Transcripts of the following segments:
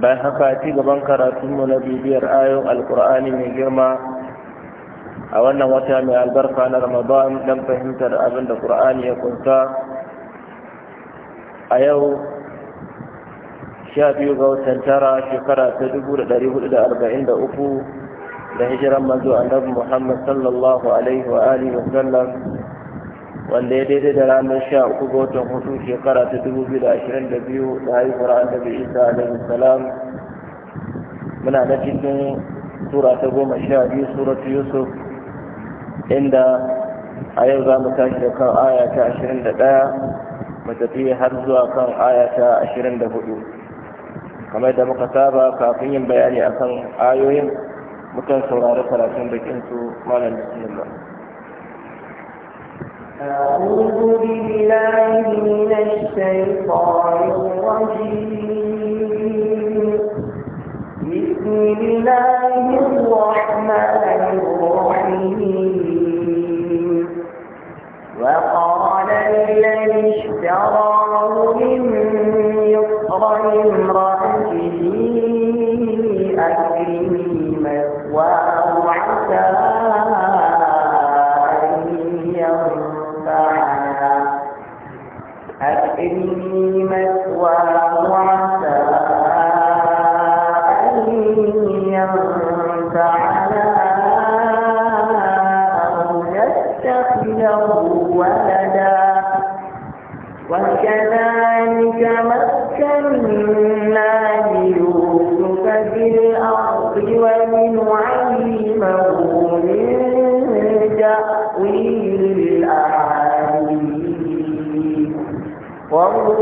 bayan haka ci gaban karatunmu na bibiyar ayon alkur'ani mai girma a wannan wata mai albarka na ramadan don fahimtar abin da kur'ani ya kunsa a yau sha biyu ga watan tara shekara ta dubu da dari hudu da arba'in da uku da hijiran manzo annabi muhammad sallallahu alaihi wa alihi wa sallam wanda ya daidai da ranar sha uku ga watan hudu shekara ta dubu biyu da ashirin da biyu da haihuwar annabi isa alaihi salam muna na cikin tura ta goma sha biyu suratu yusuf inda a yau za mu tashi da kan aya ta ashirin da ɗaya mu tafi har zuwa kan aya ta ashirin da hudu kamar da muka saba kafin yin bayani akan ayoyin mutan saurari karatun bakin su malam bismillah أعوذ بالله من الشيطان الرجيم بسم الله الرحمن الرحيم وقال الذي اشتراه من مصر امرأة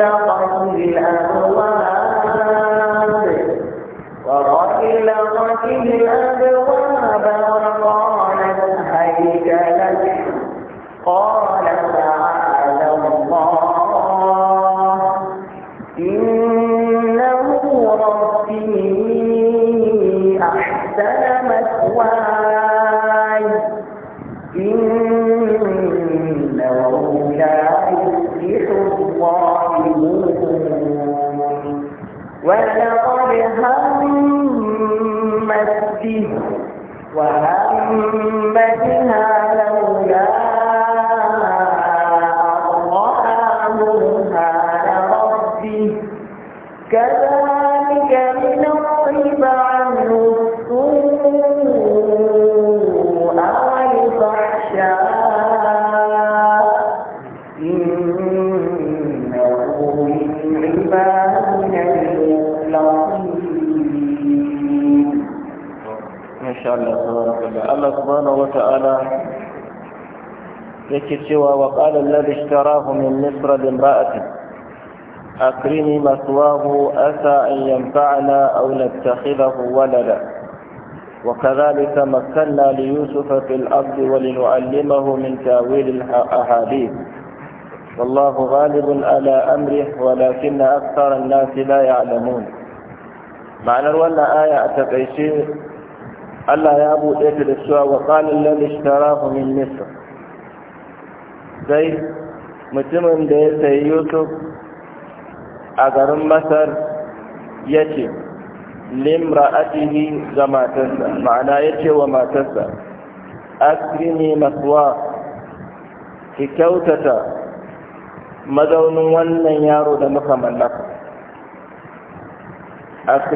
إلا وتعالى يكتشوا وقال الذي اشتراه من مصر لامرأته أكرمي مثواه أسى أن ينفعنا أو نتخذه ولدا وكذلك مكنا ليوسف في الأرض ولنعلمه من تاويل الأحاديث والله غالب على أمره ولكن أكثر الناس لا يعلمون معنى الولى آية أتقيشي Allah ya buɗe ta da cewa wa qalil ladhi ishtarahu min misr sai mutumin da ya sayi Yusuf a garin Masar ya ce, yace ajihi ga matarsa ma'ana ya ce wa matarsa ne masuwa ki kyautata mazaunin wannan yaro da muka mallaka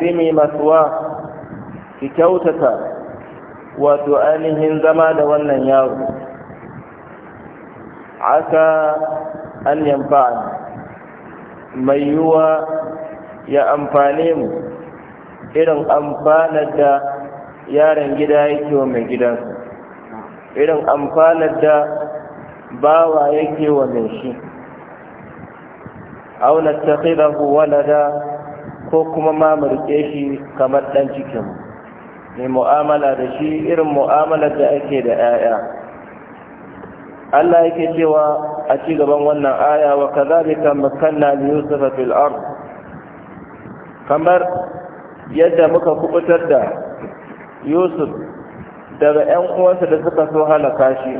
ne masuwa ki kyautata wato ainihin zama da wannan yaro aka an yamfa mai yiwuwa ya amfane mu irin amfanar da yaron gida yake wa mai gidansa irin amfanar da bawa yake wa mai shi auna ta da, ko kuma ma shi kamar ɗan cikinmu mai mu'amala da shi irin mu'amalar da ake da 'ya'ya Allah yake cewa a ci gaban wannan aya wa kazalika makanna li yusuf fil ard kamar yadda muka kubutar da yusuf daga 'yan uwansa da suka so halaka shi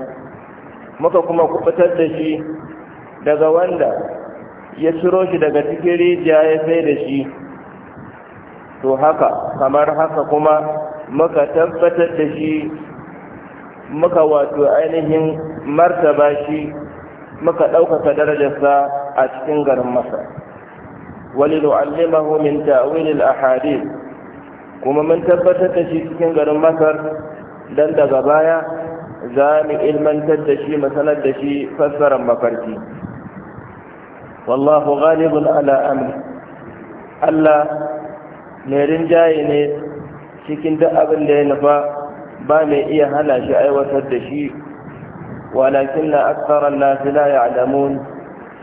muka kuma kubutar da shi daga wanda ya ciro shi daga cikin rijiya ya sai da shi to haka kamar haka kuma muka tabbatar da shi muka wato ainihin martaba shi muka ɗaukaka darajarsa a cikin garin masa walilu'allimahu min ta'wilil ahadith kuma mun tabbatar da shi cikin garin masar dan daga baya za mu ilmantar da shi masanar da shi fassarar mafarki wallahu ghalibun ala amri Allah mai rinjaye ne cikin duk abin da ya nufa ba mai iya hana shi aiwatar da shi walakin na aksarar nasi la ya alamun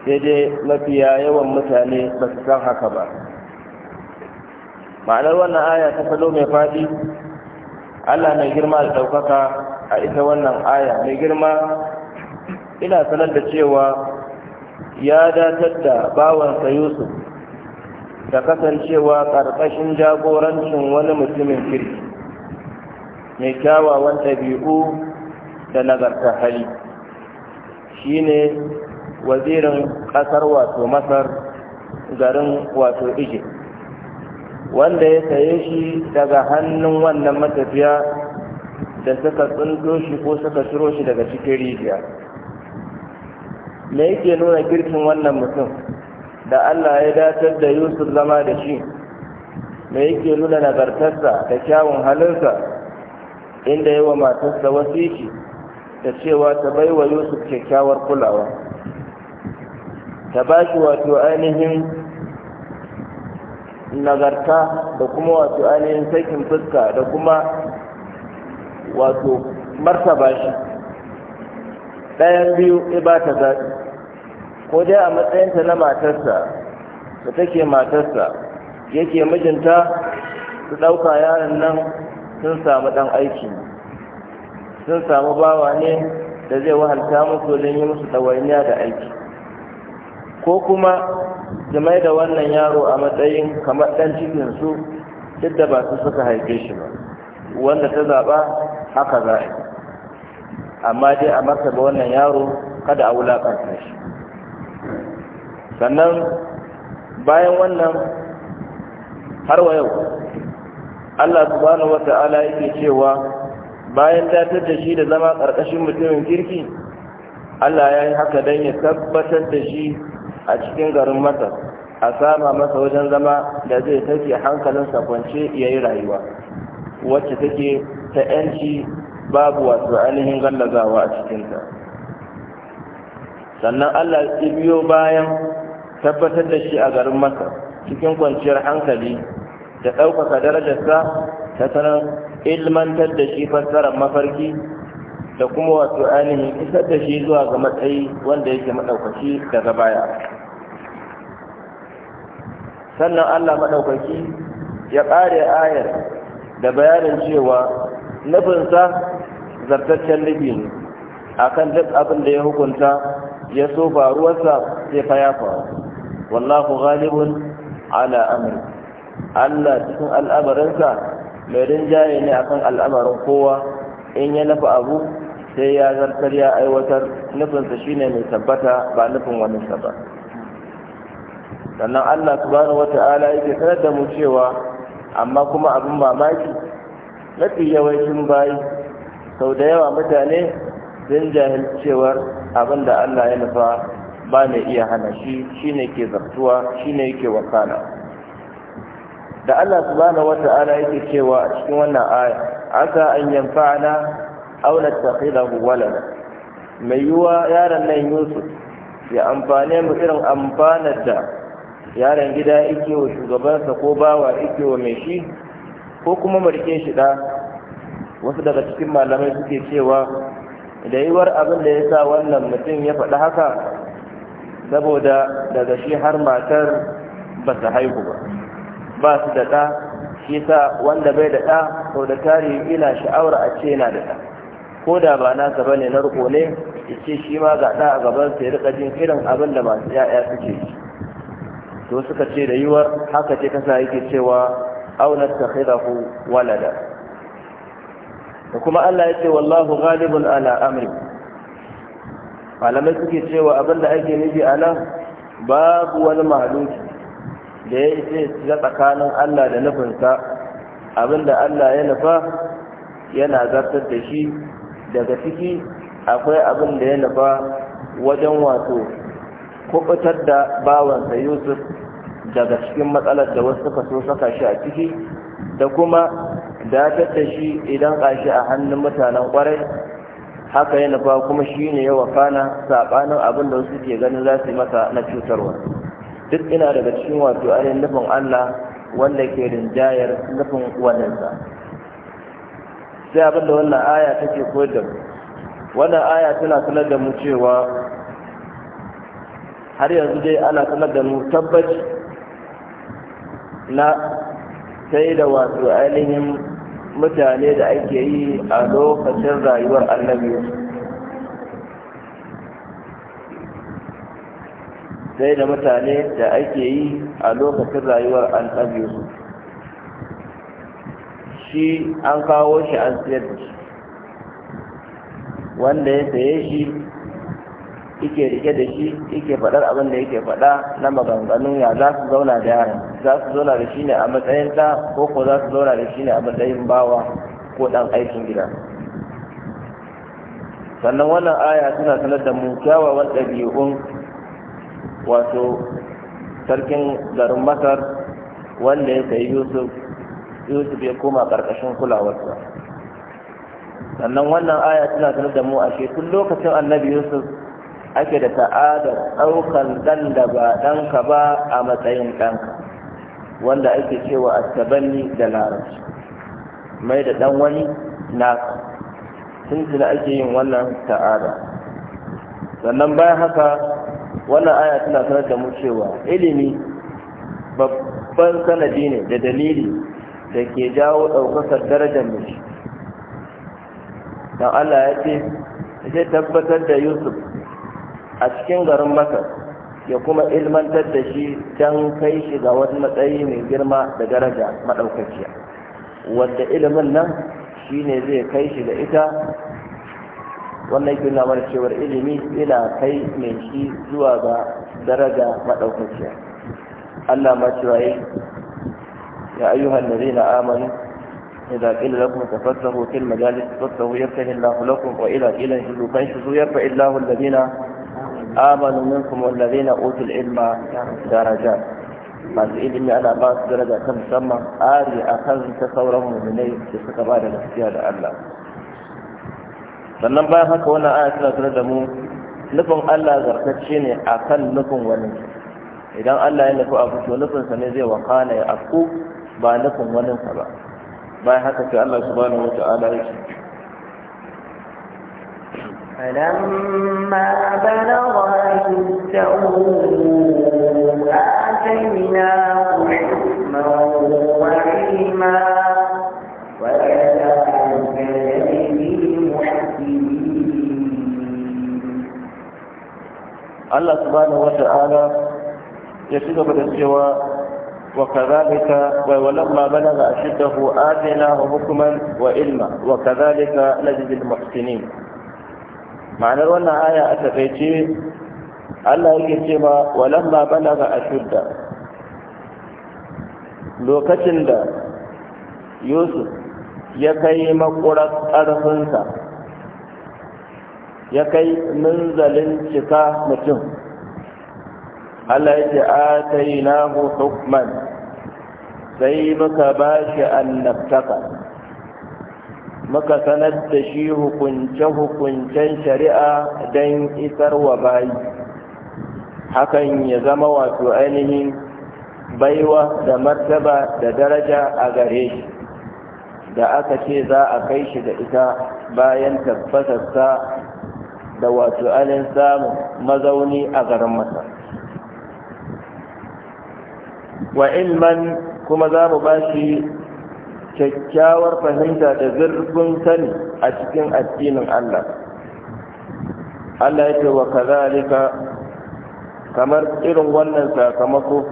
sai dai mafiya yawan mutane ba su san haka ba ma'anar wannan aya ta falo mai faɗi allah mai girma da ɗaukaka a ita wannan aya mai girma ina sanar da cewa ya datar da bawansa yusuf da kasancewa ƙarƙashin jagorancin wani mutumin kirki mai kyawawan ɗabi'u da nagarta hali shi ne wazirin ƙasar wato masar garin wato ije wanda ya saye shi daga hannun wannan matafiya da suka tsundo shi ko suka ciro shi daga cikin rijiya me yake nuna girkin wannan mutum da Allah ya datar da Yusuf zama da shi me yake nuna nagartarsa da kyawun halinsa inda yawa matarsa wasiki da cewa ta bai wa Yusuf kyakkyawar kulawa ta ba shi wato ainihin nagarta da kuma wato ainihin sakin fuska da kuma wato martaba shi ɗayan biyu ba ta zaɓi ko dai a matsayinta na matarsa da take matarsa yake mijinta su ɗauka yaran nan sun samu ɗan aiki sun samu bawa ne da zai wahalta musu don yi musu ɗawainiya da aiki ko kuma su mai da wannan yaro a matsayin kamar ɗan cikinsu duk da ba su suka haife shi ba wanda ta zaɓa haka za a yi amma dai a martaba wannan yaro kada a wulaƙanta shi sannan bayan wannan har wa yau Allah subhanahu wata'ala yake cewa bayan datar da shi da zama ƙarƙashin mutumin kirki Allah ya yi haka don ya tabbatar da shi a cikin garin Masar a sama masa wajen zama da zai take hankalinsa kwance ya yi rayuwa wacce take ta 'yanci babu wasu ainihin gallazawa a cikinta sannan Allah ya biyo bayan tabbatar da shi a garin masa cikin kwanciyar hankali da ɗaukaka darajarsa ta sanar ilmantar da shi fassarar mafarki da kuma wato ainihin isar da shi zuwa ga matsayi wanda yake maɗaukaki daga baya sannan allah maɗaukaki ya ƙare ayar da bayanin cewa nufinsa zartaccen nufi ne kan duk abin da ya hukunta ya so faruwarsa sai fa ya faru wallahu ghalibun ala amri Allah cikin al'amarinsa mai rinjaye ne akan al'amarin kowa in ya nafa abu sai ya zartar ya aiwatar nufinsa shine mai tabbata ba nufin wani ba sannan Allah subhanahu wata'ala yake sanar da mu cewa amma kuma abin mamaki mafi yawancin bayi sau da yawa mutane sun jahilcewar abin da Allah ya nufa ba mai iya hana shi shi ne ke zartuwa shi ne yake wakana da Allah subhanahu wata'ala yake cewa a cikin wannan aya aka an yanfa'ana aw da walada mai yiwuwa yaron nan Yusuf ya amfane mu irin amfanar da yaron gida yake wa shugabansa ko bawa yake wa mai shi ko kuma mu shi da wasu daga cikin malamai suke cewa da yiwuwar abin da ya sa wannan mutum ya faɗi haka saboda daga shi har matar ba su haihu ba ba su da ɗa shi sa wanda bai da ɗa sau da tarihi ila sha'awar a ce yana da ɗa ko da ba nasa ne na riko ne ya ce shi ma ga ɗa a gaban sai ya rika jin irin abin da masu ya'ya suke yi to suka ce da yiwuwar haka ce kasa yake cewa aunar ta walada da kuma Allah ya ce wallahu ghalibun ala amri malamai suke cewa abin da ake nufi a nan babu wani mahaluki da ya ce ga tsakanin Allah da nufinsa abin da Allah ya nufa yana zartar da shi daga ciki akwai abin da ya nufa wajen wato kubutar da bawansa Yusuf daga cikin matsalar da wasu suka so saka shi a ciki da kuma datar da shi idan ƙashi a hannun mutanen ƙwarai haka yana nufa kuma shi ne ya wakana saɓanin abin da wasu ke ganin za su yi masa na cutarwa duk ina daga cikin wato ainihin nufin Allah wanda ke rinjayar nufin waninsa sai abin da wannan aya take koyar da mu wannan aya tana sanar da mu cewa har yanzu dai ana sanar da mu tabbaci na sai da wato ainihin mutane da ake yi a lokacin rayuwar annabi sai da mutane da ake yi a lokacin rayuwar annabi shi an kawo shi an siyar da shi wanda ya saye shi yake rike da shi yake faɗar abin da yake faɗa na maganganun ya za su zauna da yaran za su zauna da shi ne a matsayin ɗa ko ko za su zauna da shi ne a matsayin bawa ko ɗan aikin gida sannan wannan aya tana sanar da mu kyawawan ɗabi'un wato sarkin garin masar wanda ya sayi yusuf yusuf ya koma ƙarƙashin kulawarsa sannan wannan aya tana sanar da mu a tun lokacin annabi yusuf ake da ta'adar ɗaukan ɗan da ba ɗanka ba a matsayin ɗanka wanda ake cewa tabanni da larabci mai da ɗan wani naka tuntuna ake yin wannan ta'ada sannan bayan haka wannan aya tana sanar da mu cewa ilimi babban sanadi ne da dalili da ke jawo ɗaukakar darajar mace don allah ya ce zai tabbatar da yusuf a cikin garin masar ya kuma ilmantar da shi don kai shi ga wani matsayi mai girma da daraja maɗaukaciya wadda ilimin nan shi ne zai kai shi da ita wannan yake nuna cewar ilimi ina kai mai shi zuwa ga daraja maɗaukaciya Allah ma cewa yi ya ayyuhan da zai na amanu إذا قيل لكم تفسحوا في المجالس فافسحوا يفتح الله لكم وإذا قيل انشزوا فانشزوا يرفع الله الذين amanu minkum wallazina utul ilma darajat masu ilimi ana ba su daraja ta musamman ari kan ta sauran mu'minai da suka ba da gaskiya da Allah sannan bayan haka wannan aya tana tare da mu nufin Allah zartacce ne akan nufin wani idan Allah ya nufi abu to nufinsa ne zai wakana ya afku ba nufin wani ba bayan haka sai Allah subhanahu wata'ala ya ce فلما بلغ أشده آتيناه حكما وعلما وكذلك نجزي المحسنين الله سبحانه وتعالى يسير بالاستواء وكذلك ولما بلغ أشده آتيناه حكما وعلما وكذلك نجد المحسنين ma'anar wannan aya a takaice Allah yake cewa walamma balaga ashudda lokacin da Yusuf ya kai makurar ƙarfinsa ya kai minzalin cika mutum Allah ya ce a yi na hukman sai muka bashi annabtaka muka sanar da shi hukunce-hukuncen shari'a don isar wa bayi hakan ya zama wato ainihin baiwa da martaba da daraja a gare shi da aka ce za a kai shi da ita bayan tabbatarsa da wato ainihin samun mazauni a garin masa wa ilman kuma za mu ba shi kyakkyawar fahimta da zurfin sani a cikin addinin Allah Allah ya ce wa kazalika kamar irin wannan sakamako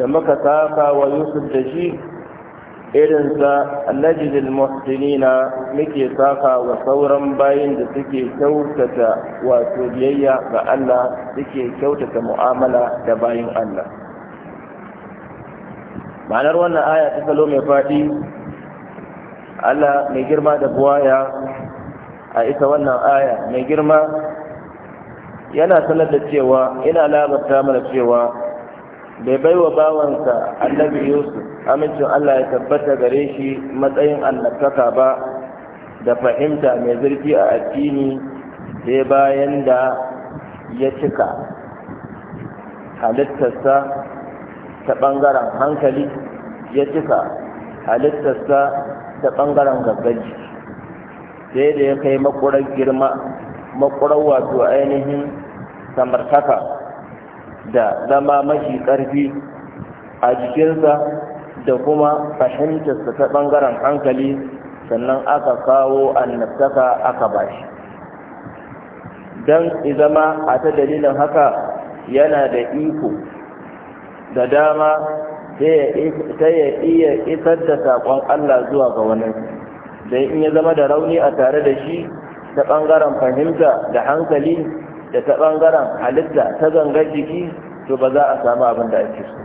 da muka saka wa Yusuf da shi irinsa najidil muhsinina muke saka wa sauran bayin da suke kyautata wato biyayya ga Allah suke kyautata mu'amala da bayin Allah ma'anar wannan aya ta salo mai faɗi Allah mai girma da buwaya a ita wannan aya mai girma yana sanar da cewa ina labarta mana cewa bai bai wa bawansa annabi yusuf amincin Allah ya tabbata gare shi matsayin annabtaka ba da fahimta mai zurfi a addini sai bayan da ya cika halittarsa ta ɓangaren hankali ya cika halittarsa ta ɓangaren gaggaji sai da ya kai makurar girma makurar wato ainihin samartaka da zama mashi ƙarfi a jikinsa da kuma fahimtarsa ta ɓangaren hankali sannan aka kawo annabtaka aka bashi don izama a ta dalilin haka yana da iko da dama ta ya iya isar da saƙon Allah zuwa ga wani da in ya zama da rauni a tare da shi ta ɓangaren fahimta da hankali da ta ɓangaren halitta ta gangar jiki to ba za a samu abin da ake so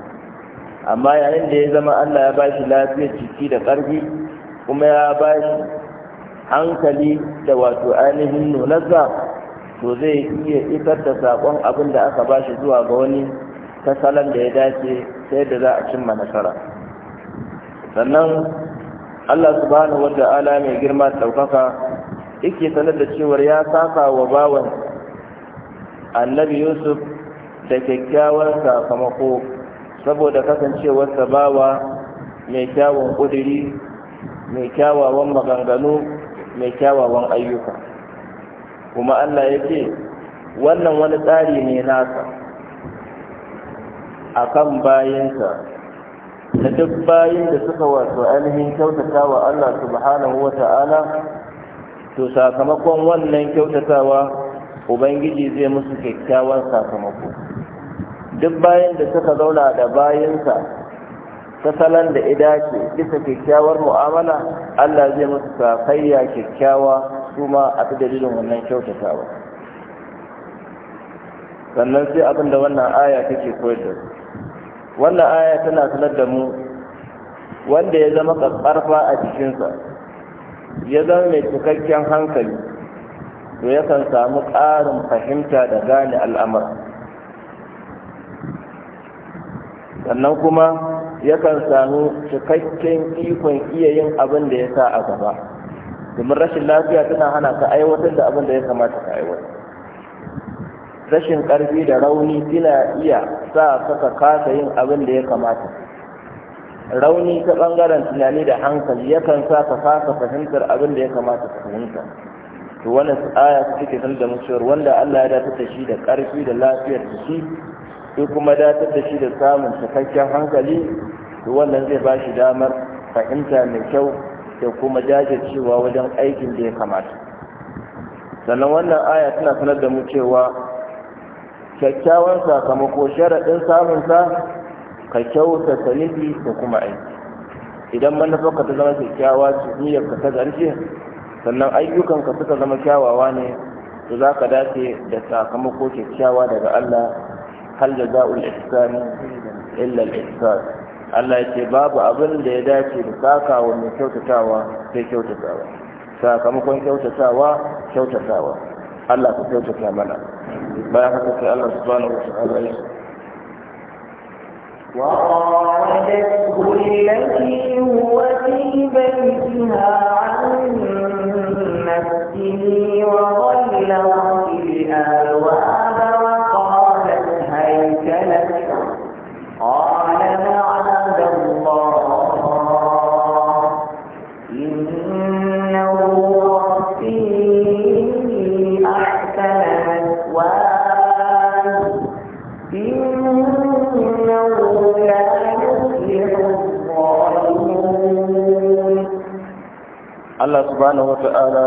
amma yayin da ya zama Allah ya bashi lafiyar jiki da ƙarfi kuma ya bashi hankali da wato ainihin nunarsa to zai iya isar da saƙon abin da aka bashi zuwa ga wani ta salon da ya dace sai da za a cimma nasara sannan Allah subhanahu wa ta'ala mai girma ɗaukaka yake sanar da cewar ya saka wa bawan annabi Yusuf da kyakkyawan sakamako saboda kasancewarsa bawa mai kyawun ƙudiri mai kyawawan maganganu mai kyawawan ayyuka kuma Allah ya ce wannan wani tsari ne nasa akan bayinsa da duk bayin da suka wato ainihin kyautata wa Allah subhanahu wa ta'ala to sakamakon wannan kyautatawa ubangiji zai musu kyakkyawan sakamako duk bayan da suka zauna da bayinsa ta salon da idace bisa kyakkyawar mu'amala allah zai musu sakayya kyakkyawa su ma a fi dalilin wannan kyautatawa sannan sai abin da wannan aya take koyar da su wannan aya tana sanar da mu wanda ya zama ƙarfa a jikinsa ya zama mai cikakken hankali to ya kan samu ƙarin fahimta da gane al'amar sannan kuma ya kan samu cikakken ikon iya yin abin da ya sa a gaba domin rashin lafiya tana hana ka aiwatar da abin da ya kamata ka aiwatar rashin ƙarfi da rauni suna iya sa saka kasa yin abin da ya kamata rauni ta ɓangaren tunani da hankali yakan sa ka kasa fahimtar abin da ya kamata ka fahimta to wannan aya ta take sanar da mu wanda Allah ya dace da shi da ƙarfi da lafiyar shi ko kuma dace da shi da samun cikakken hankali to wannan zai ba shi damar fahimta mai kyau da kuma jajircewa wajen aikin da ya kamata sannan wannan aya tana sanar da mu cewa kyakkyawan sakamako sharaɗin samunsa ka kyautata nufi da kuma aiki idan manufarka ta zama kyakkyawa su niyyarka ta ƙarshe sannan ayyukanka suka zama kyawawa ne to za ka dace da sakamako kyakkyawa daga Allah hal da za'ul ihsani illa al Allah Allah ce babu abin da ya dace da sakawa mai kyautatawa sai kyautatawa sakamakon kyautatawa kyautatawa Allah ka kyautata mana bayan haka sai Allah وقالته التي هو في بيتها عن نفسه وظلت الله سبحانه وتعالى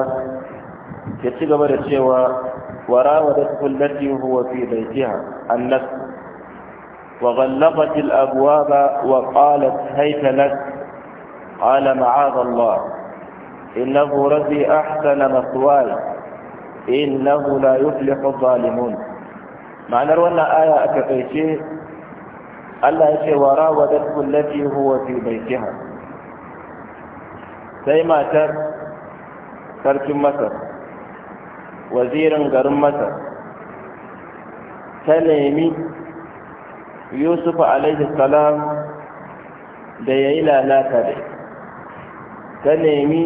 ya ci gaba da وراودته التي هو في بيتها النفس وغلقت الأبواب وقالت هيت لك قال معاذ الله إنه ربي أحسن مثواي إنه لا يفلح الظالمون معنى روانا آية أكفيشي ألا يشي وراودته التي هو في بيتها sai matar sarkin masar wazirin garin masar ta nemi yusuf salam da ya yi lalata da ta nemi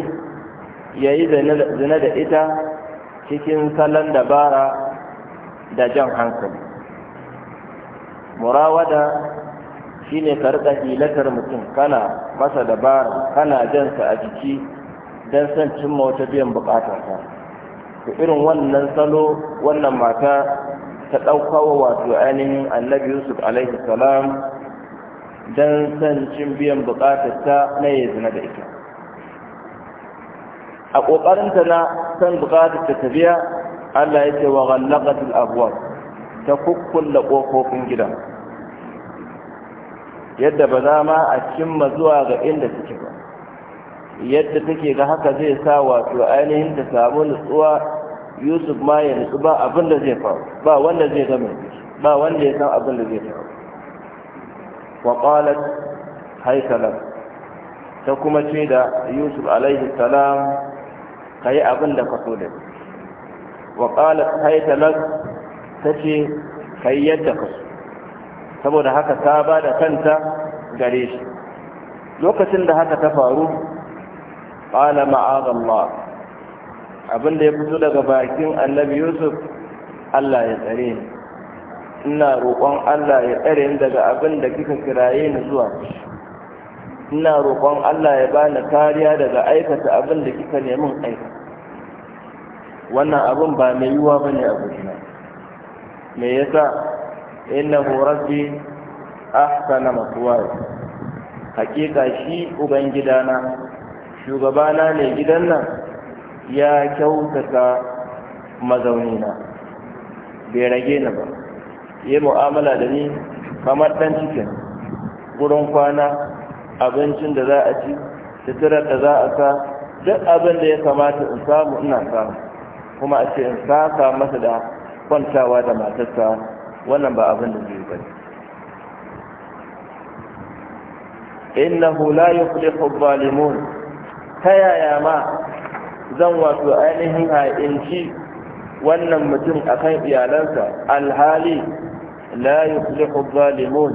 ya yi zina da ita cikin salon dabara da jan hankali murawada shine ka rika hilatar mutum kana masa dabara kana jansa a jiki don san cimma wata biyan bukatarsa ta irin wannan salo wannan mata ta ɗaukawa wato ainihin annabi yusuf alaihi salam don san cin biyan bukatarsa na ya zina da ita a ƙoƙarinta na san bukatarta ta biya allah ya ce wa ghallakat al ta kukkulla ƙofofin gidan yadda ba za ma a cimma zuwa ga inda suke ba yadda take ga haka zai sa wato ainihin ta samu nutsuwa yusuf ma ya nutsu ba abin da zai faru ba wanda zai zama ba wanda ya san abin da zai faru wa qalat haikalan ta kuma ce da yusuf alaihi salam kai abin da ka so da wa qalat haikalan ta ce kai yadda ka so saboda haka ta ba da kanta gare shi lokacin da haka ta faru ƙala Abin abinda ya fito daga bakin annabi yusuf allah ya tsare ni ina roƙon allah ya tsare ni daga abin da kika kiraye ni zuwa ina roƙon allah ya bani kariya daga aikata abin da kika nemin aika wannan abin ba mai yiwuwa ba ne a me yasa innahu rabbi ahsana maswaya hakika shi ubangidana shugabana ne gidan nan ya kyautata mazaunina bai rage ni ba Ya mu'amala da ni kamar dan cikin gurin kwana abincin da za a ci suturar da za a sa duk abin da ya kamata in samu ina samu kuma a ce in saka masa da kwantawa da matarsa wannan ba abin da zai ba innahu la yuflihu zalimun ta yaya ma zan wato ainihin ha'inci wannan mutum akan iyalansa alhali la yuflihu zalimun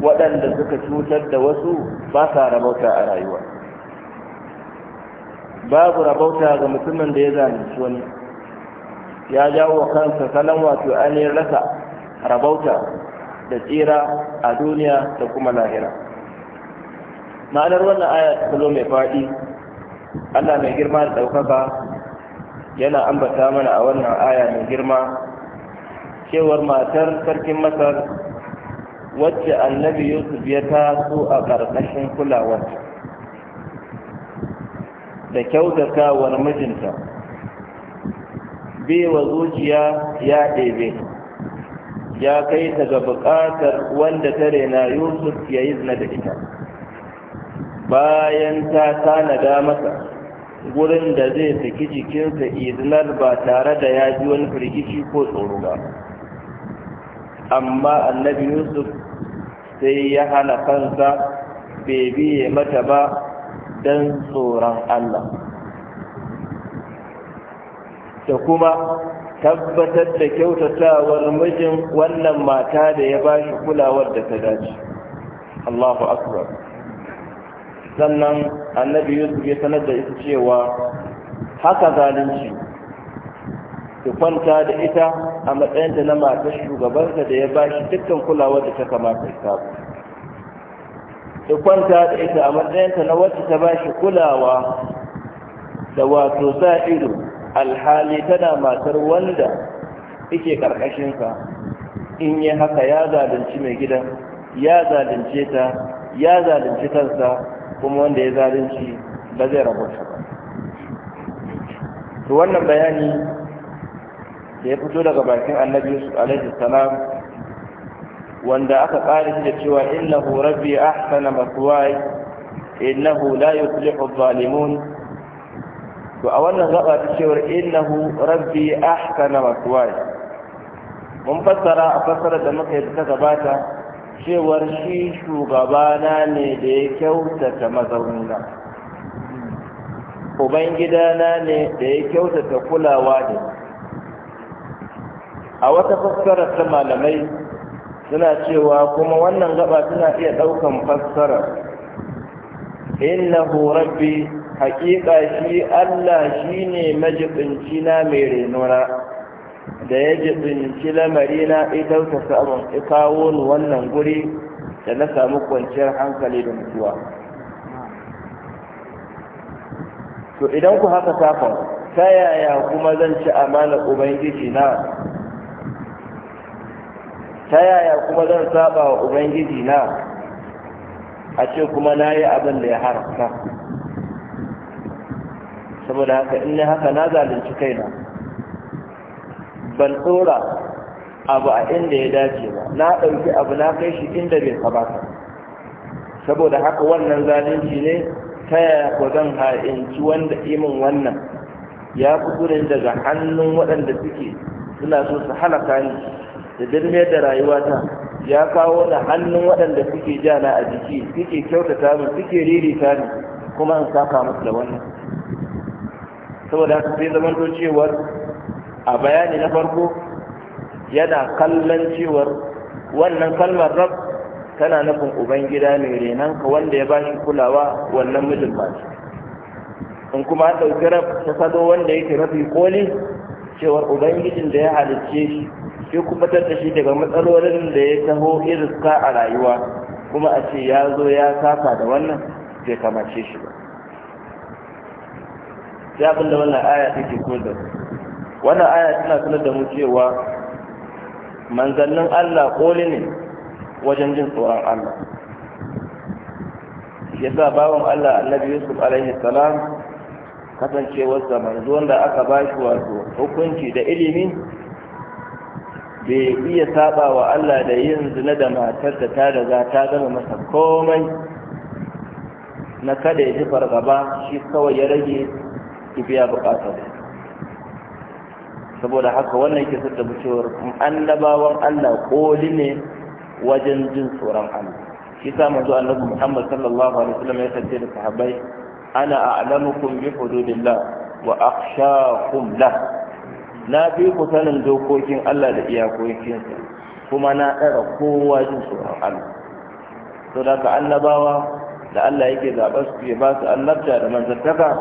waɗanda suka cutar da wasu ba sa rabauta a rayuwa babu rabauta ga mutumin da ya zalunci wani ya jawo kansa salon wato ainihin rasa rabauta da tsira a duniya da kuma lahira ma'anar wannan aya ta salo mai faɗi allah mai girma da ɗaukaka yana ambata mana a wannan aya mai girma cewar matar sarkin masar wacce annabi yusuf ya taso a ƙarƙashin kulawarta da kyautatawar mijinta bewa zuciya ya ɗebe ta ya kai daga buƙatar wanda ta rena yusuf ya yi zina da ita bayan ta tanada masa gurin da zai saki jikinsa izinar ba tare da ya ji wani firgici ko tsoro ba amma annabi yusuf sai ya hana kansa bai biye mata ba don tsoron allah da kuma tabbatar da kyautatawar mijin wannan mata da ya ba shi kulawar da ta dace Allahu akbar sannan annabi yusuf ya sanar da ita cewa haka zalunci ki kwanta da ita a matsayinta na matar shugabanta da ya ba shi dukkan kulawar da ta kamata ta ki kwanta da ita a matsayinta na wacce ta ba shi kulawa da wato sa ido alhali tana matar wanda yake karkashinsa in yi haka ya zalunci mai gidan ya zalunce ta ya zalunci kansa kuma wanda ya zalunci ba zai rabu ba to wannan bayani da ya fito daga bakin annabi yusuf alaihi salam wanda aka ƙara da cewa innahu rabbi ahsana maswaya innahu la yuflihu adh-dhalimun to a wannan gaba ta cewar innahu rabbi ahkana maswaya mun fassara a fassara da muka yi ta gabata cewar shi shugabana ne da ya kyautata mazaunina ubangidana ne da ya kyautata kulawa da a wata fassara ta malamai suna cewa kuma wannan gaba suna iya ɗaukan fassara innahu rabbi haƙiƙa shi Allah shi ne majibinci na mai renora da ya jibinci lamari na idauta samun ikawon wannan guri da na samu kwanciyar hankali da mutuwa to idan ku haka safon ta yaya kuma zan ci amana ubangiji na ta yaya kuma zan saba wa ubangiji na a ce kuma na yi abin da ya haramta saboda haka in ne haka na zalunci kaina ban tsora abu a inda ya dace ba na ɗauki abu na kai shi inda bai kamata saboda haka wannan zalunci ne ta yaya ko zan ha'inci wanda imin wannan ya fi gudun daga hannun waɗanda suke suna so su halaka ni da dirmiyar da rayuwata ya kawo da hannun waɗanda suke jana a jiki suke kyautata min suke ririta ni kuma in saka musu da wannan saboda haka sai zaman to cewar a bayani na farko yana kallon cewar wannan kalmar rab tana nufin ubangida mai renanka wanda ya bashi kulawa wannan mijin ba in kuma an ɗauki rab ta sado wanda yake rafi koli cewar ubangijin da ya halicce shi shi kuma da shi daga matsalolin da ya taho iriska a rayuwa kuma a ce ya zo ya kafa da wannan bai kamace shi ba sai abin da wannan aya take ko da wannan aya tana sanar da mu cewa manzannin Allah koli ne wajen jin tsoron Allah yasa bawan Allah annabi Yusuf alaihi salam kasancewarsa manzo wanda aka ba shi wato hukunci da ilimi bai iya saba wa Allah da yin zina da matar da ta riga ta gama masa komai na kada ya ji fargaba shi kawai ya rage ki biya ne saboda haka wannan yake sadda cewar annabawan Allah koli ne wajen jin tsoron Allah shi sa manzo annabi Muhammad sallallahu alaihi wasallam ya tace da sahabbai ana a'lamukum bi hududillah wa akhshakum la na bi ku sanin dokokin Allah da iyakokinsa kuma na ɗara kowa jin tsoron Allah saboda ka annabawa da Allah yake zaɓa su ya ba su annabta da manzantaka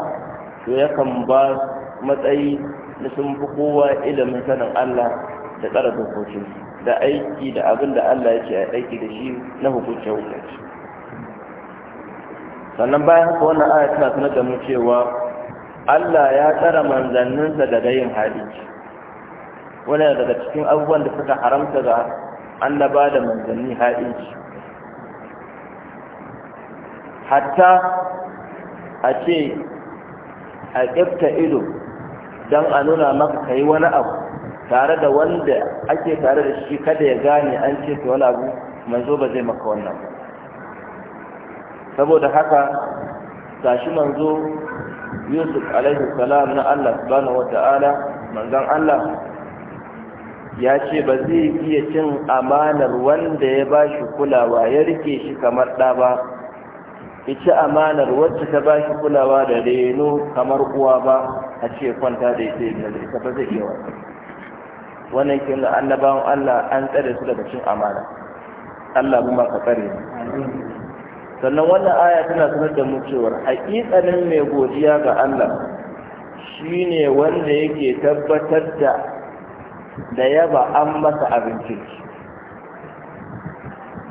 to yakan ba matsayi na sun fi kowa ilimin sanin Allah da tsara dokokin da aiki da abin da Allah yake a aiki da shi na hukuncin hukunci sannan bayan haka wannan aya tana sanar da mu cewa Allah ya tsara manzanninsa daga yin hali wani daga cikin abubuwan da suka haramta ga annaba da manzanni ha'inci hatta a ce a ƙifta ido don a nuna maka ka yi wani abu tare da wanda ake tare da shi kada ya gane an ce ka wani abu manzo ba zai maka wannan saboda haka gashi manzo yusuf alaihi salam na allah subhanahu wata'ala manzon allah ya ce ba zai iya cin amanar wanda ya ba shi kulawa ya rike shi kamar ɗa ba ici amanar wacce ta ba shi kulawa da reno kamar uwa ba a ce kwanta da ita yi da ita ba zai iya wata wannan kin ga annabawan Allah an tsare su daga cin amana Allah kuma ka tsare sannan wannan aya tana sanar da mu cewar haƙiƙanin mai godiya ga Allah shine wanda yake tabbatar da da yaba an masa abincin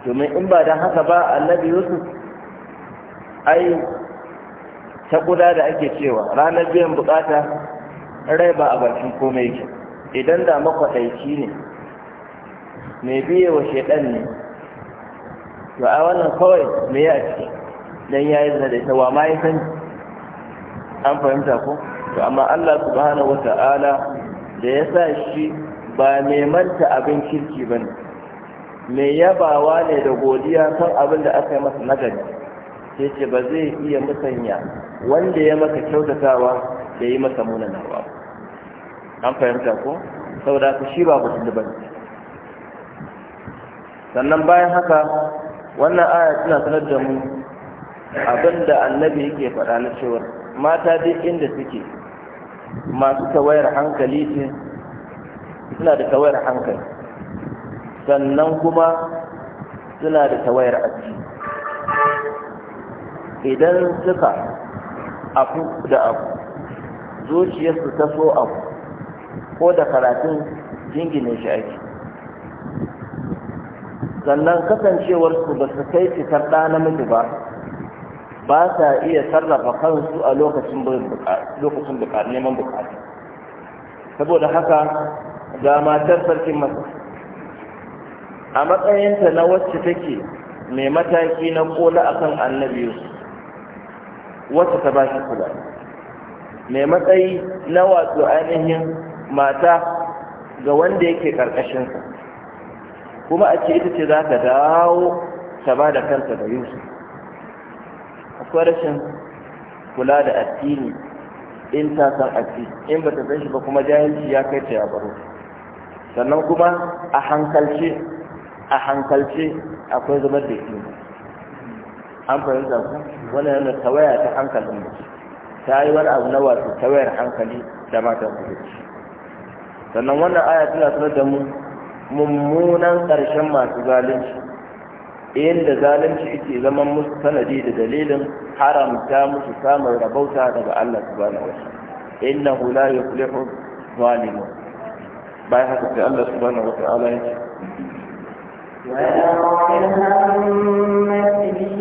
domin in ba don haka ba annabi Yusuf ai ta guda da ake cewa ranar biyan bukata rai ba a bakin komai ke idan da makwaɗaici ne mai biye wa shaidan ne to a wannan kawai me ya ce don ya yi zai ta wa ma ya an fahimta ku? to amma Allah subhanahu Ta'ala da ya sa shi ba mai manta abin kirki ba ne. mai yabawa ne da godiya kan abin da aka yi masa nagari sai ce ba zai iya musanya wanda ya maka kyautatawa da yi masa ruwa. an fahimta ko saboda ku shi ba mutum bane sannan bayan haka wannan aya tana sanar da mu abinda annabi yake faɗa na cewa mata duk inda suke masu tawayar hankali ce suna da tawayar hankali sannan kuma suna da tawayar aji. idan suka abu da abu zuciyarsu ta so abu ko da karatun jingine shi ake sannan kasancewarsu ba su kai fitar ɗa namiji ba ba sa iya sarrafa kansu a lokacin neman bukatu saboda haka ga matar sarkin masu a matsayinta na wacce take mai mataki na kola akan annabi yusuf wacce ta ba shi kula mai matsayi na wato ainihin mata ga wanda yake ƙarƙashinsa kuma a ce ita ce za ta dawo ta ba da kanta da yusuf akwai rashin kula da addini in ta san addini in ba ta san shi ba kuma jahilci ya kai ta ya sannan kuma a hankalce a hankalce akwai zubar da ilimi an fahimta ku wannan yana tawaya ta hankalin mace ta yi wani abu na wasu tawayar hankali da mata ku sannan wannan aya tana sanar da mu mummunan ƙarshen masu zalunci inda zalunci yake zaman musu sanadi da dalilin haramta musu samun rabauta daga Allah subhanahu wa ta'ala innahu la yuflihu zalimun bayan haka sai Allah subhanahu wa ta'ala ya ce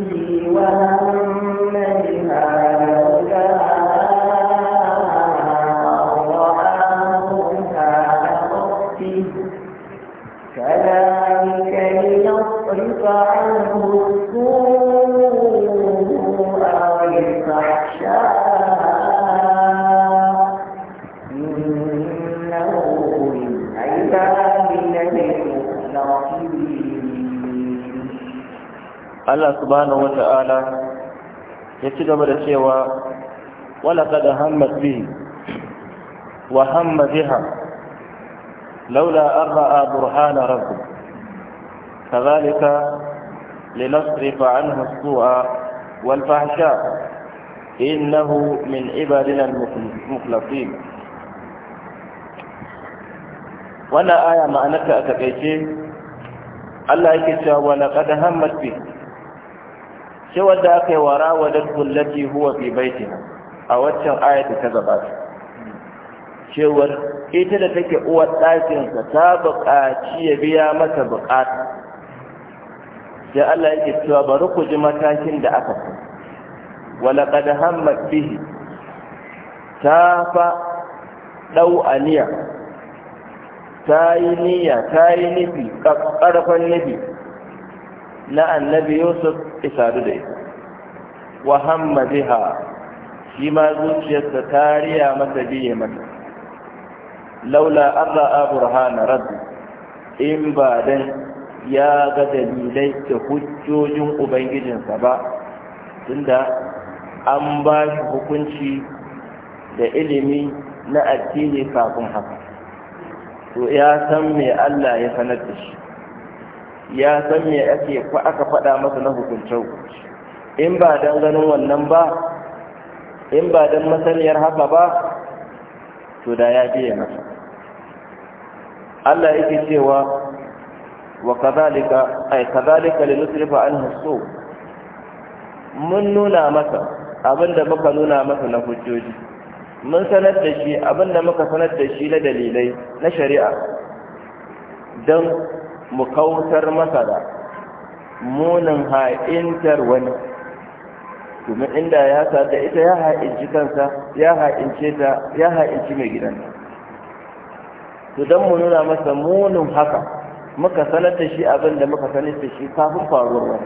كذلك لنصرف عنه السوء Allah subhanahu wata'ala ya ci gaba da cewa wala kada hammat bihi wa hamma biha laula an ra'a burhana rabbi kadhalika linasrifa anhu as-su'a wal fahsha innahu min ibadina al-mukhlasin wannan aya ma'anarta a takaice Allah yake cewa wala qad hammat bihi ce wanda aka yi wara wadar kullaki huwa fi baitina a waccan ayatu ta gabata cewar ita da take uwar ɗakinsa ta buƙaci ya biya mata buƙata sai Allah yake cewa bari ku ji matakin da aka wala walaƙad hammat bihi ta fa ɗau aniya ta yi niyya ta yi nufi ƙarfan nufi na annabi yusuf isadu da ita wa hamma shi ma zuciyarsa ta riya mata biye mata laula an ra'a burhana rabbi in ba dan ya ga dalilai da hujjojin ubangijinsa ba tunda an ba shi hukunci da ilimi na addini kafin haka to ya san me Allah ya sanar da shi ya san me ake aka faɗa masa na hukuncin in ba don ganin wannan ba in ba don masaniyar haka ba to da ya biye masa Allah yake cewa wa kazalika ay kazalika linusrifa anhu su mun nuna masa abinda muka nuna masa na hujjoji mun sanar da shi abinda muka sanar da shi na dalilai na shari'a don mu kautar masa da munin ha'intar wani domin inda ya sata ita ya ha'inci kansa ya ha'ince ta ya ha'inci mai gidan to don mu nuna masa munin haka muka sanar da shi abin da muka sanar da shi kafin faruwar wani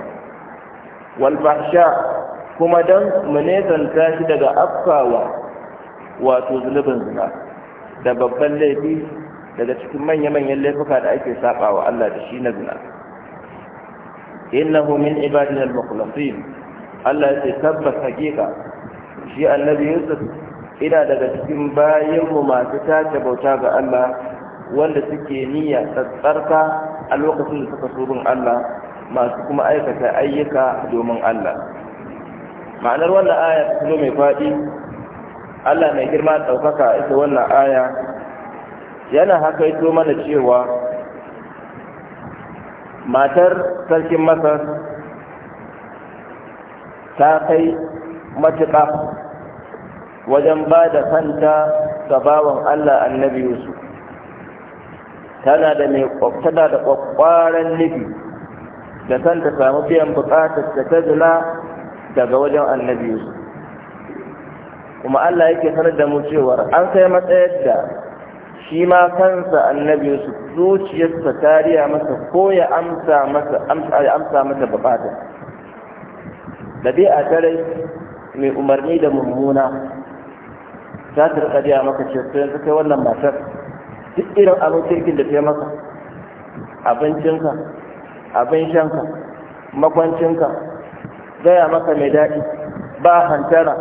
walbasha kuma don mu nesanta shi daga afkawa wato zunubin zina da babban laifi daga cikin manya-manyan laifuka da ake saba wa Allah da shi na zina innahu min ibadina al-mukhlasin Allah ya ce tabbas hakika shi annabi Yusuf ina daga cikin mu masu tace bauta ga Allah wanda suke niyya tsarka a lokacin da suka surun Allah masu kuma aikata ayyuka domin Allah ma'anar wannan aya ta mai faɗi Allah mai girma ɗaukaka ita wannan aya yana haka ito mana cewa matar sarkin masar ta kai matuƙa wajen ba da kanta ga allah annabi yusuf tana da mai tana da kwakwaran nufi da kanta samu biyan buƙatar ta tazila daga wajen annabi yusuf kuma allah yake sanar da mu cewa an kai matsayar da shi ma kansa annabi yusuf zuciyarsa tariya masa ko ya amsa masa amsa masa bukata dabi'a ta rai mai umarni da mummuna za ta rika riya maka ce sai yanzu kai wannan matar duk irin abin kirkin da ta maka abincinka abin shanka makwancinka gaya maka mai daɗi ba hantara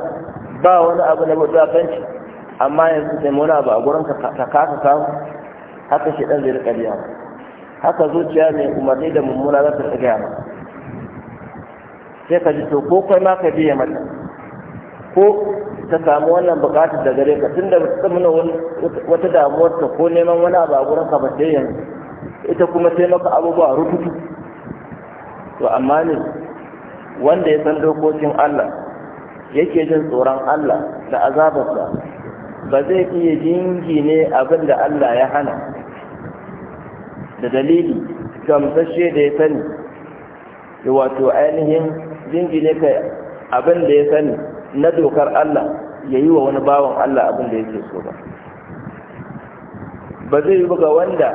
ba wani abu na mutu a amma yanzu sai muna ba a gurin ka kasa samu haka shi dan zai rika biya haka zuciya mai umarni da mummuna za ta tsaya ba. sai ka ji to ko kai ma ka biya mata ko ta samu wannan buƙatar da gare ka tunda ba ta wata damuwar ta ko neman wani abu a gurin ka ba sai yanzu ita kuma sai maka abubuwa rututu to amma ne wanda ya san dokokin Allah yake jin tsoron Allah da azabarsa ba zai iya jingine abin da Allah ya hana da dalili gamsashe da ya sani da wato ainihin jingine ka abin da ya sani na dokar Allah ya yi wa wani bawan Allah abin da ce so ba ba zai yi buga wanda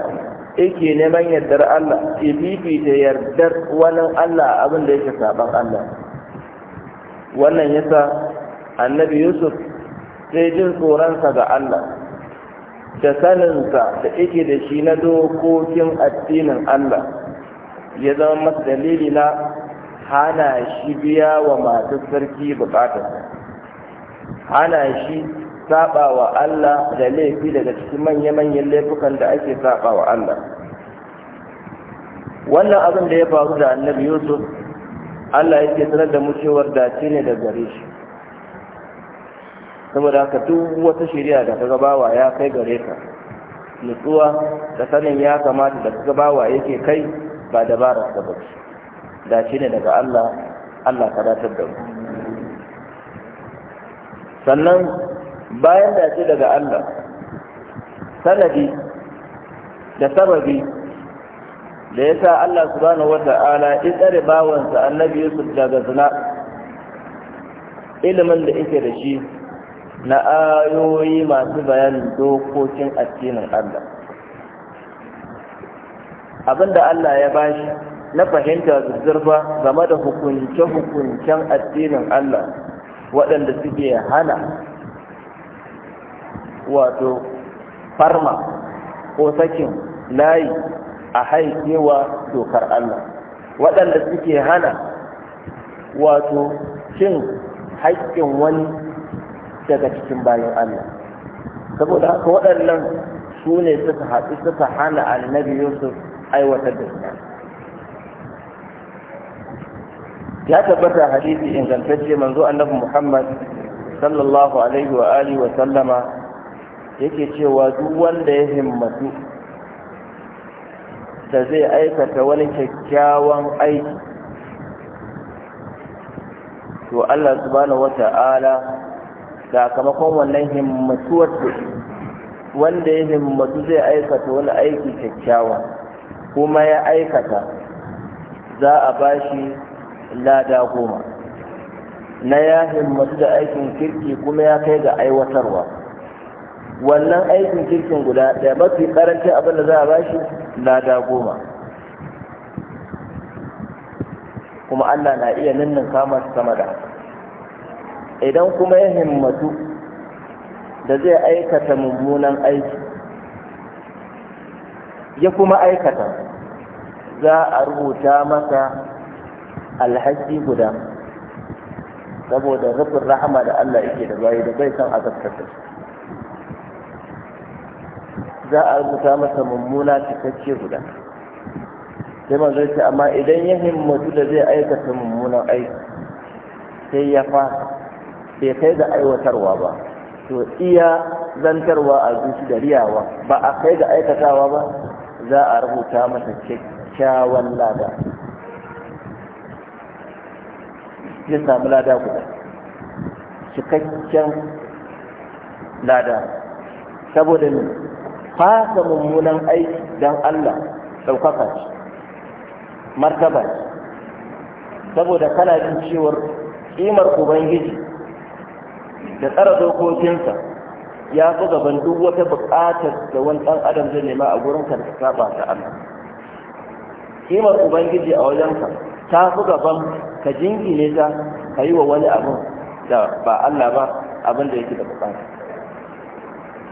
yake neman yardar Allah bibi da yardar wani Allah abin da ce saɓan Allah wannan yasa annabi Yusuf sai jin tsoronsa ga Allah da saninsa da yake da shi na dokokin addinin Allah ya zama masa dalili na hana shi biya wa masu sarki bukatar hana shi saba wa Allah da laifi daga cikin manya-manyan laifukan da ake saba wa Allah wannan abin da ya faru da annabi yusuf Allah yake sanar da mu cewar dace ne da gare shi saboda haka duk wata shari'a da kaga bawa ya kai gare ka nutsuwa da sanin ya kamata da kaga bawa yake kai ba dabara ta ba da shi ne daga Allah Allah ka datar da mu sannan bayan da ce daga Allah sanadi da sababi da ya sa Allah subhanahu wata'ala ya tsare bawansa annabi Yusuf daga zina ilimin da yake da shi na ayoyi masu bayanin dokokin addinin Allah abinda Allah ya bashi na fahimta zuzzurfa game da hukunce-hukuncen addinin Allah waɗanda suke hana wato farma ko sakin layi a haifewa dokar Allah waɗanda suke hana wato cin haƙƙin wani daga cikin bayan Allah saboda haka waɗannan su ne suka haɗu suka hana annabi Yusuf aiwatar da su ya tabbata hadisi ingantacce manzo annabi Muhammad sallallahu alaihi wa alihi wa sallama yake cewa duk wanda ya himmatu da zai aikata wani kyakkyawan aiki to Allah subhanahu wata'ala sakamakon wannan himmatuwar da wanda ya himmatu zai aikata wani aiki kyakkyawa kuma ya aikata za a ba bashi lada goma na ya himmatu da aikin kirki kuma ya kai ga aiwatarwa wannan aikin kirkin guda ɗaya mafi karancin abinda za a ba shi lada goma kuma allah na iya ninnin kama sama da haka idan kuma ya himmatu da zai aikata mummunan aiki ya kuma aikata za a rubuta masa alhaji guda saboda rufin rahama da Allah yake da bayi da bai san azabtarsa za a rubuta masa mummuna cikakke guda sai zai ce amma idan ya himmatu da zai aikata mummunan aiki sai ya fasa bai kai ga aiwatarwa ba to iya zantarwa a zuci da riyawa ba a kai ga aikatawa ba za a rubuta masa kyakkyawan lada zai samu lada guda cikakken lada saboda ne fasa mummunan aiki don Allah ɗaukaka ce martaba ce saboda kana jin cewar ƙimar ubangiji da tsara dokokinsa ya fi gaban duk wata buƙatar da wani ɗan adam zai nema a gurin da saba ta Allah kimar ubangiji a wajenka ta fi gaban ka jingine ta ka yi wa wani abin da ba Allah ba abin da yake da buƙata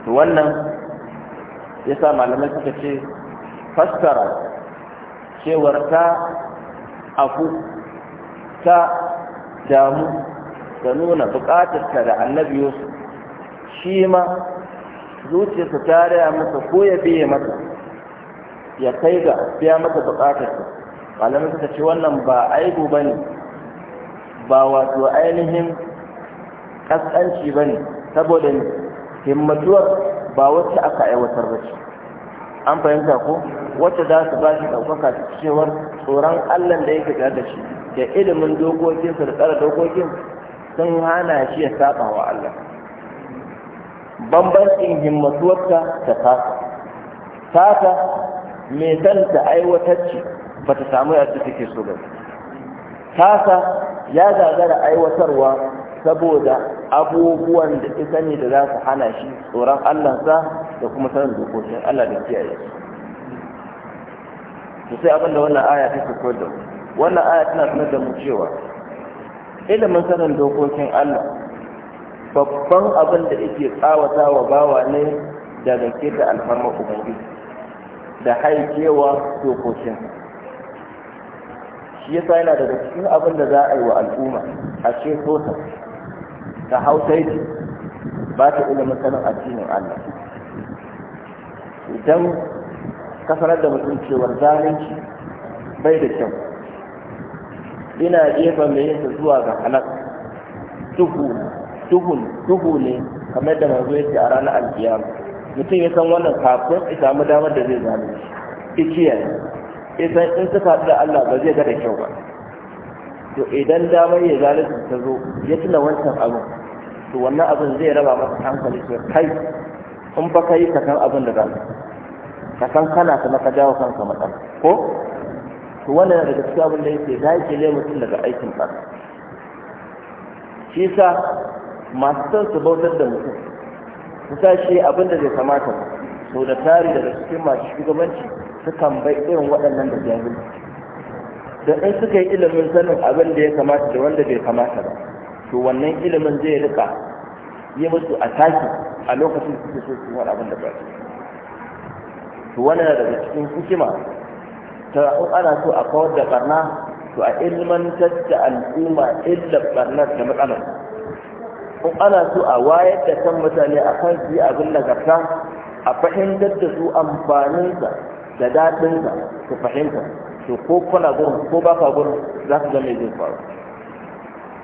to wannan ya sa malamai suka ce fassara cewar ta afu ta damu ka nuna ta da annabi yusuf shi ma zuciyarsa ta raya masa ko ya biye masa ya kai ga biya masa bukatarsa malamin suka ce wannan ba aibu ba ne ba wato ainihin kaskanci ba ne saboda himmatuwar ba wacce aka aiwatar ba ce an fahimta ko wacce za su ba shi ɗaukaka cewar tsoron allah da yake tare da shi da ilimin dokokinsa da tsara dokokin sun hana shi ya saba wa Allah bambancin himmatuwarka da saka, saka mai san ta aiwatar ba ta samu yadda take so ba Saka ya gagara aiwatarwa saboda abubuwan da ta sani da za su hana shi tsoron Allahnsa da kuma sanin dokokin Allah da kiyaye su sai abin da wannan aya take koyar da mu wannan aya tana sanar da mu cewa ilimin sanin dokokin Allah babban abin da yake tsawata wa bawa ne daga ke da alfarma ubangiji da haikewa dokokin shi yasa yana daga cikin abin da za a yi wa al'umma a ce sota ta yi ba ta ilimin sanin addinin Allah idan ka sanar da mutum cewar zalunci bai da kyau ina jefa mai yinsa zuwa ga halak Tuhu tuhu tuhu ne kamar da mazo yake a ranar alkiyama mutum ya san wannan kafin ya samu damar da zai zalunci ikiya ya san in suka haɗu da Allah ba zai ga da kyau ba to idan damar ya zalunci ta zo ya tuna wancan abin to wannan abin zai raba masa hankali sai kai in ba kai ka san abin da za ka san kana kuma ka jawo kanka matsala ko to wannan daga cikin abin da yake ne mutum daga aikin ɗan shi sa masu son su bautar da mutum su sa shi abin da zai kamata so da tari daga cikin masu shugabanci sukan bai irin waɗannan da jahilci da in suka yi ilimin sanin abin da ya kamata da wanda bai kamata ba to wannan ilimin zai rika yi musu a taki a lokacin da suke so su yi abin da ba to wannan daga cikin hikima ta ana so a kawar da barna to a ilmantar da al'umma illa barnar da matsalar in ana so a wayar da kan mutane a kan su yi abin nagarta a fahimtar da su amfaninsa da daɗinsa su fahimta to ko kuna gurin ko ba ka gurin za ka ga mai zai faru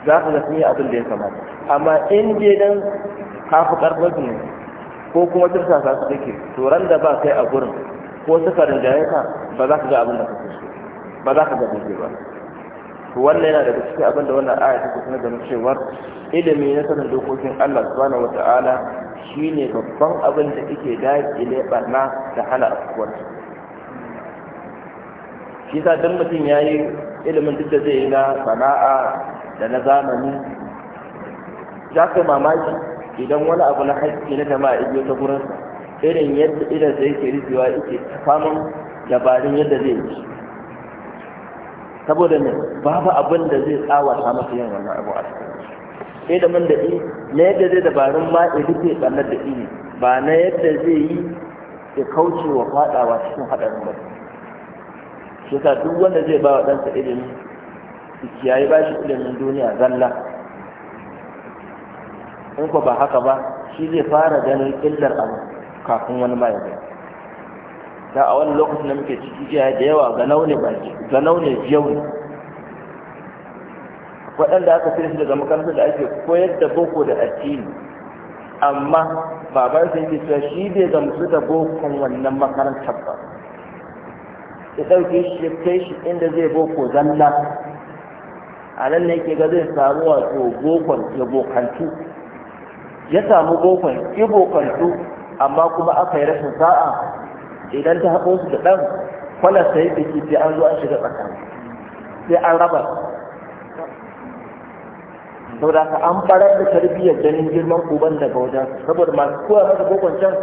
za ka ga sun yi abin da ya kamata amma in je dan kafi karfin ko kuma tursa su take to ran da ba kai a gurin ko suka rinjaye ka ba za ka ga abin da ka so ba za ka ga daidai ba wannan yana daga cikin abin da wannan aya take sanar da mu cewa ilimi na sanin dokokin Allah subhanahu wata'ala shine babban abin da yake daƙile barna da hana afkuwar shi sa dan mutum yayi ilimin duk da zai yi na sana'a da na zamani Ya kai mamaki idan wani abu na haƙƙi na jama'a ya ta gurinsa irin yadda idan sai yake rufewa yake faman dabarun yadda zai yi saboda ne babu abin da zai tsawata masu yin wannan abu a sai da man da i na yadda zai dabarun ma ya rufe ɓannar da i ba na yadda zai yi ya kauce wa faɗawa cikin haɗarin ba shi sa duk wanda zai ba wa ɗansa ilimi kiyaye ba shi ilimin duniya zalla in ko ba haka ba shi zai fara ganin illar abu kafin wani ma ya gani da a wani lokacin da muke ciki iyaye da yawa ga naune baki ga naune yau ne waɗanda aka fi daga makarantar da ake koyar da boko da addini amma baban sai ke cewa shi bai gamsu da bokon wannan makarantar ba ya ɗauke shi ya kai shi inda zai boko zalla a nan ne yake ga zai samu wato bokon ya bokantu ya samu bokon ya bokantu amma kuma aka yi rashin sa'a idan ta haɗo su da ɗan kwalar sai da ke sai an zo an shiga tsakani sai an raba da ka an barar da tarbiyyar ganin girman uban daga wajen saboda masu kowa masa kokon can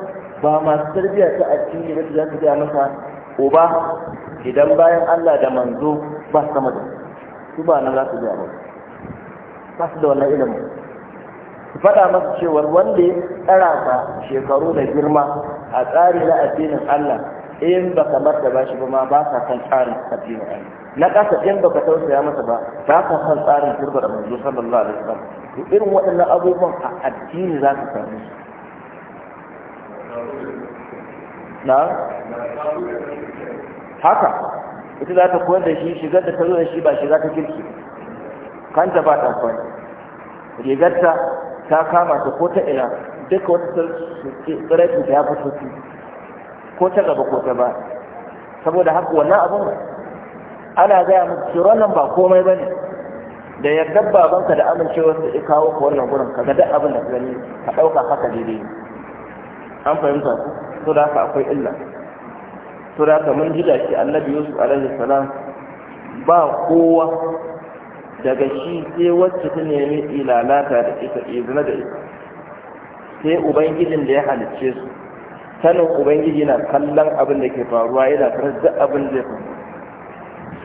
ba masu tarbiyyar ta addini ba za su gaya masa uba idan bayan Allah da manzo ba sama da su ba na za su gaya ba ba su da wannan ilimin su faɗa masa cewar wanda ya tsara ba shekaru da girma a tsari na addinin Allah in ba ka marta da bashi ba ma ba ka san tsarin addinin Allah na kasa in ba ka tausaya masa ba ba ka san tsarin girbar manzo sallallahu alaihi wasallam to irin waɗannan abubuwan a addini za ka samu su na haka ita za ta koyar da shi shigar da ta zo da shi ba shiga ta kirki kanta ba ta kwai rigarta ta kama ta ko ta ina duka wata tsirrai ta ya fito ko ta gaba ko ta ba saboda haka wannan abin ana gaya mu tsoron nan ba komai ba ne da yarda babanka da amincewa su ya kawo ka wannan gurin ka ga duk abin da gani ka ɗauka haka daidai an fahimta ku to da haka akwai illa to da haka mun ji da shi annabi yusuf alaihi salam ba kowa daga shi sai wacce ta nemi ilalata da ita izina da ita sai ubangijin da ya halicce su sanin ubangiji na kallon abin da ke faruwa yana karar duk abin da ya faru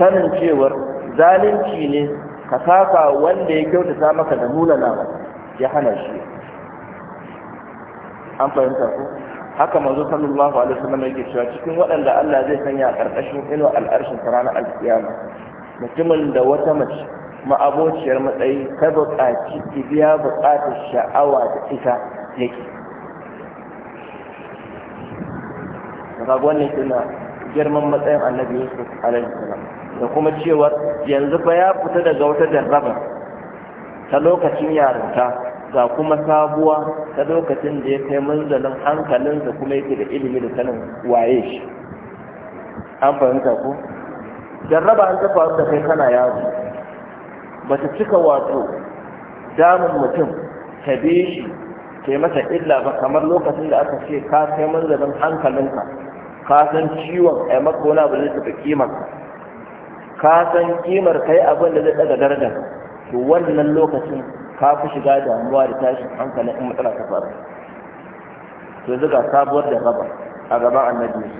sanin cewar zalunci ne ka saka wanda ya kyautata maka da nuna nama ya hana shi an fahimta ko haka mazo sallallahu alaihi wasallam yake cewa cikin waɗanda Allah zai sanya a ƙarƙashin ino al'arshin ranar alkiyama mutumin da wata mace ma'abociyar matsayi ta buƙaci ki biya buƙatar sha'awa da ita yake daga suna girman matsayin annabi yusuf alaihissalam da kuma cewa yanzu fa ya fita daga wata jarraba ta lokacin yarinta ga kuma sabuwa ta lokacin da ya kai manzalin hankalinsa kuma yake da ilimi da sanin waye shi an fahimta ko jarraba an ta faru da kai kana yaro ba ta cika wato damun mutum ta be shi ta masa illa ba kamar lokacin da aka ce ka kai manzabin hankalinka ka san ciwon a maka wani abu da zai tafi kimar ka san kimar kai abin da zai daga darajar to wannan lokacin ka fi shiga damuwa da tashin hankalin in matsala ta faru to zuga sabuwar da gaba a gaban annabi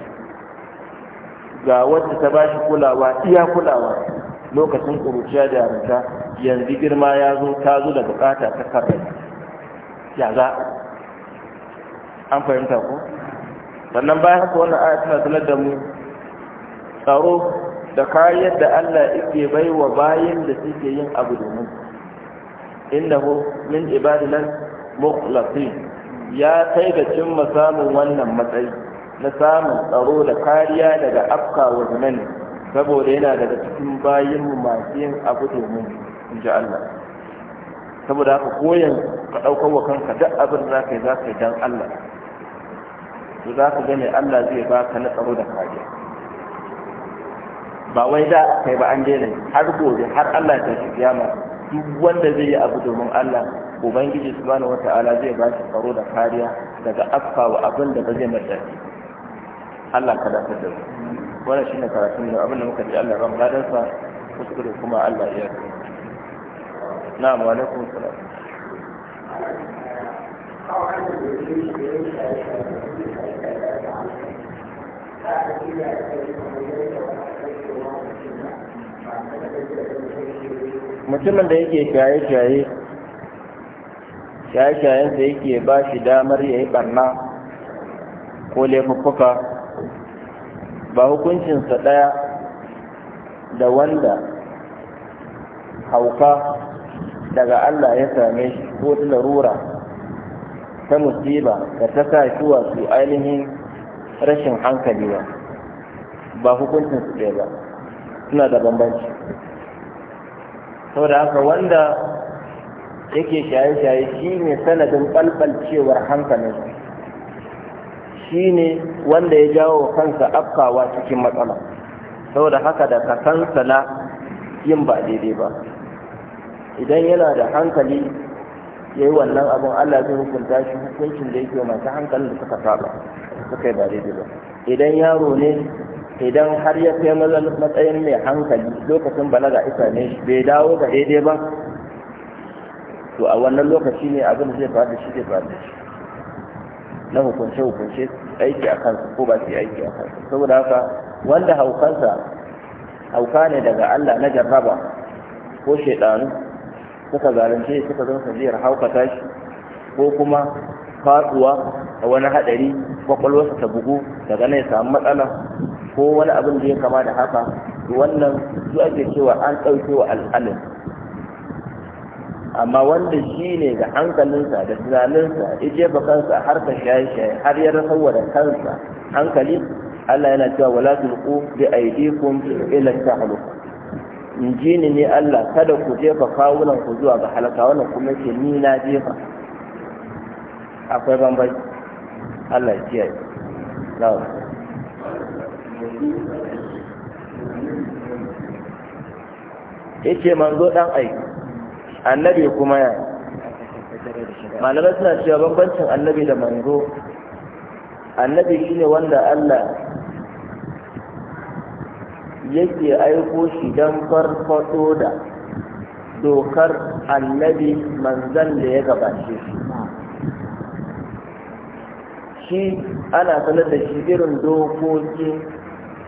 ga wacce ta ba shi kulawa iya kulawa lokacin ƙuruciya da yarinta yanzu girma ya zo ta zo da bukata ta karfe ya za an fahimta ko sannan bayan haka wannan aya sanar da mu tsaro da kariyar da Allah ike bai wa bayan da suke yin abu domin ku min ibadunan mukhlasin ya kai da cimma samun wannan matsayi na samun tsaro da kariya daga afkawa zunubi saboda yana daga cikin bayin masu yin abu domin in ji Allah saboda haka koyan ka ɗaukar wa kanka duk abin za kai yi za ka yi don Allah to za ka gane Allah zai ba ka na tsaro da kariya ba wai da kai ba an daina har gobe har Allah ta shi kiyama duk wanda zai yi abu domin Allah ubangiji subhanahu wata'ala zai ba shi tsaro da kariya daga afkawa abin da ba zai mata Allah ka dafa da wannan ne karatun da abinda muka ji Allah ban mu sa kuskure kuma Allah ya yi na wa alaikum salam mutumin da yake shaye-shaye shaye-shayensa yake ba shi damar ya yi ɓarna ko laifuffuka ba hukuncinsa ɗaya da wanda hauka daga Allah ya same shi ko ta larura ta musiba da ta sa shi su ainihin rashin hankali ba ba hukuncin ɗaya ba suna da bambanci saboda haka wanda yake shaye-shaye shi ne sanadin ɓalɓalcewar hankalin ne wanda ya jawo kansa afkawa cikin matsala saboda haka da ka kansala yin ba daidai ba idan yana da hankali ya yi wannan abin allah zai hukunta shi hukuncin da yake masu hankalin da suka saba suka yi ba daidai ba idan yaro ne idan har ya kai matsayin mai hankali lokacin balaga isa ne bai dawo ga daidai ba to a wannan lokaci ne abin zai faru shi zai faru shi na hukunce-hukunce aiki a kansa ko ba su yi aiki a kansa saboda haka wanda haukansa hauka ne daga Allah na jarraba ko shaidanu suka zalunce suka zama sanjiyar haukata shi ko kuma faduwa a wani hadari kwakwalwarsa ta bugu daga nan ya samu matsala ko wani abin da ya kama da haka wannan su ake cewa an ɗauke wa al'alin amma wanda shi ne da hankalinsa da tunaninsa ya jefa kansa har ka shaye-shaye har ya rasa da kansa hankali Allah yana cewa wala tulqu bi aydikum ila tahluk injini ne Allah kada ku jefa kawunan ku zuwa ga halaka wannan kuma ke ni na jefa akwai bambanci Allah ya kiyaye na'am yace manzo dan aiki annabi kuma ya malamai suna cewa bambancin annabi da manzo annabi shine wanda Allah yake aiko shi don farfado da dokar annabi manzan da ya gabace shi shi ana sanar da shi irin dokoki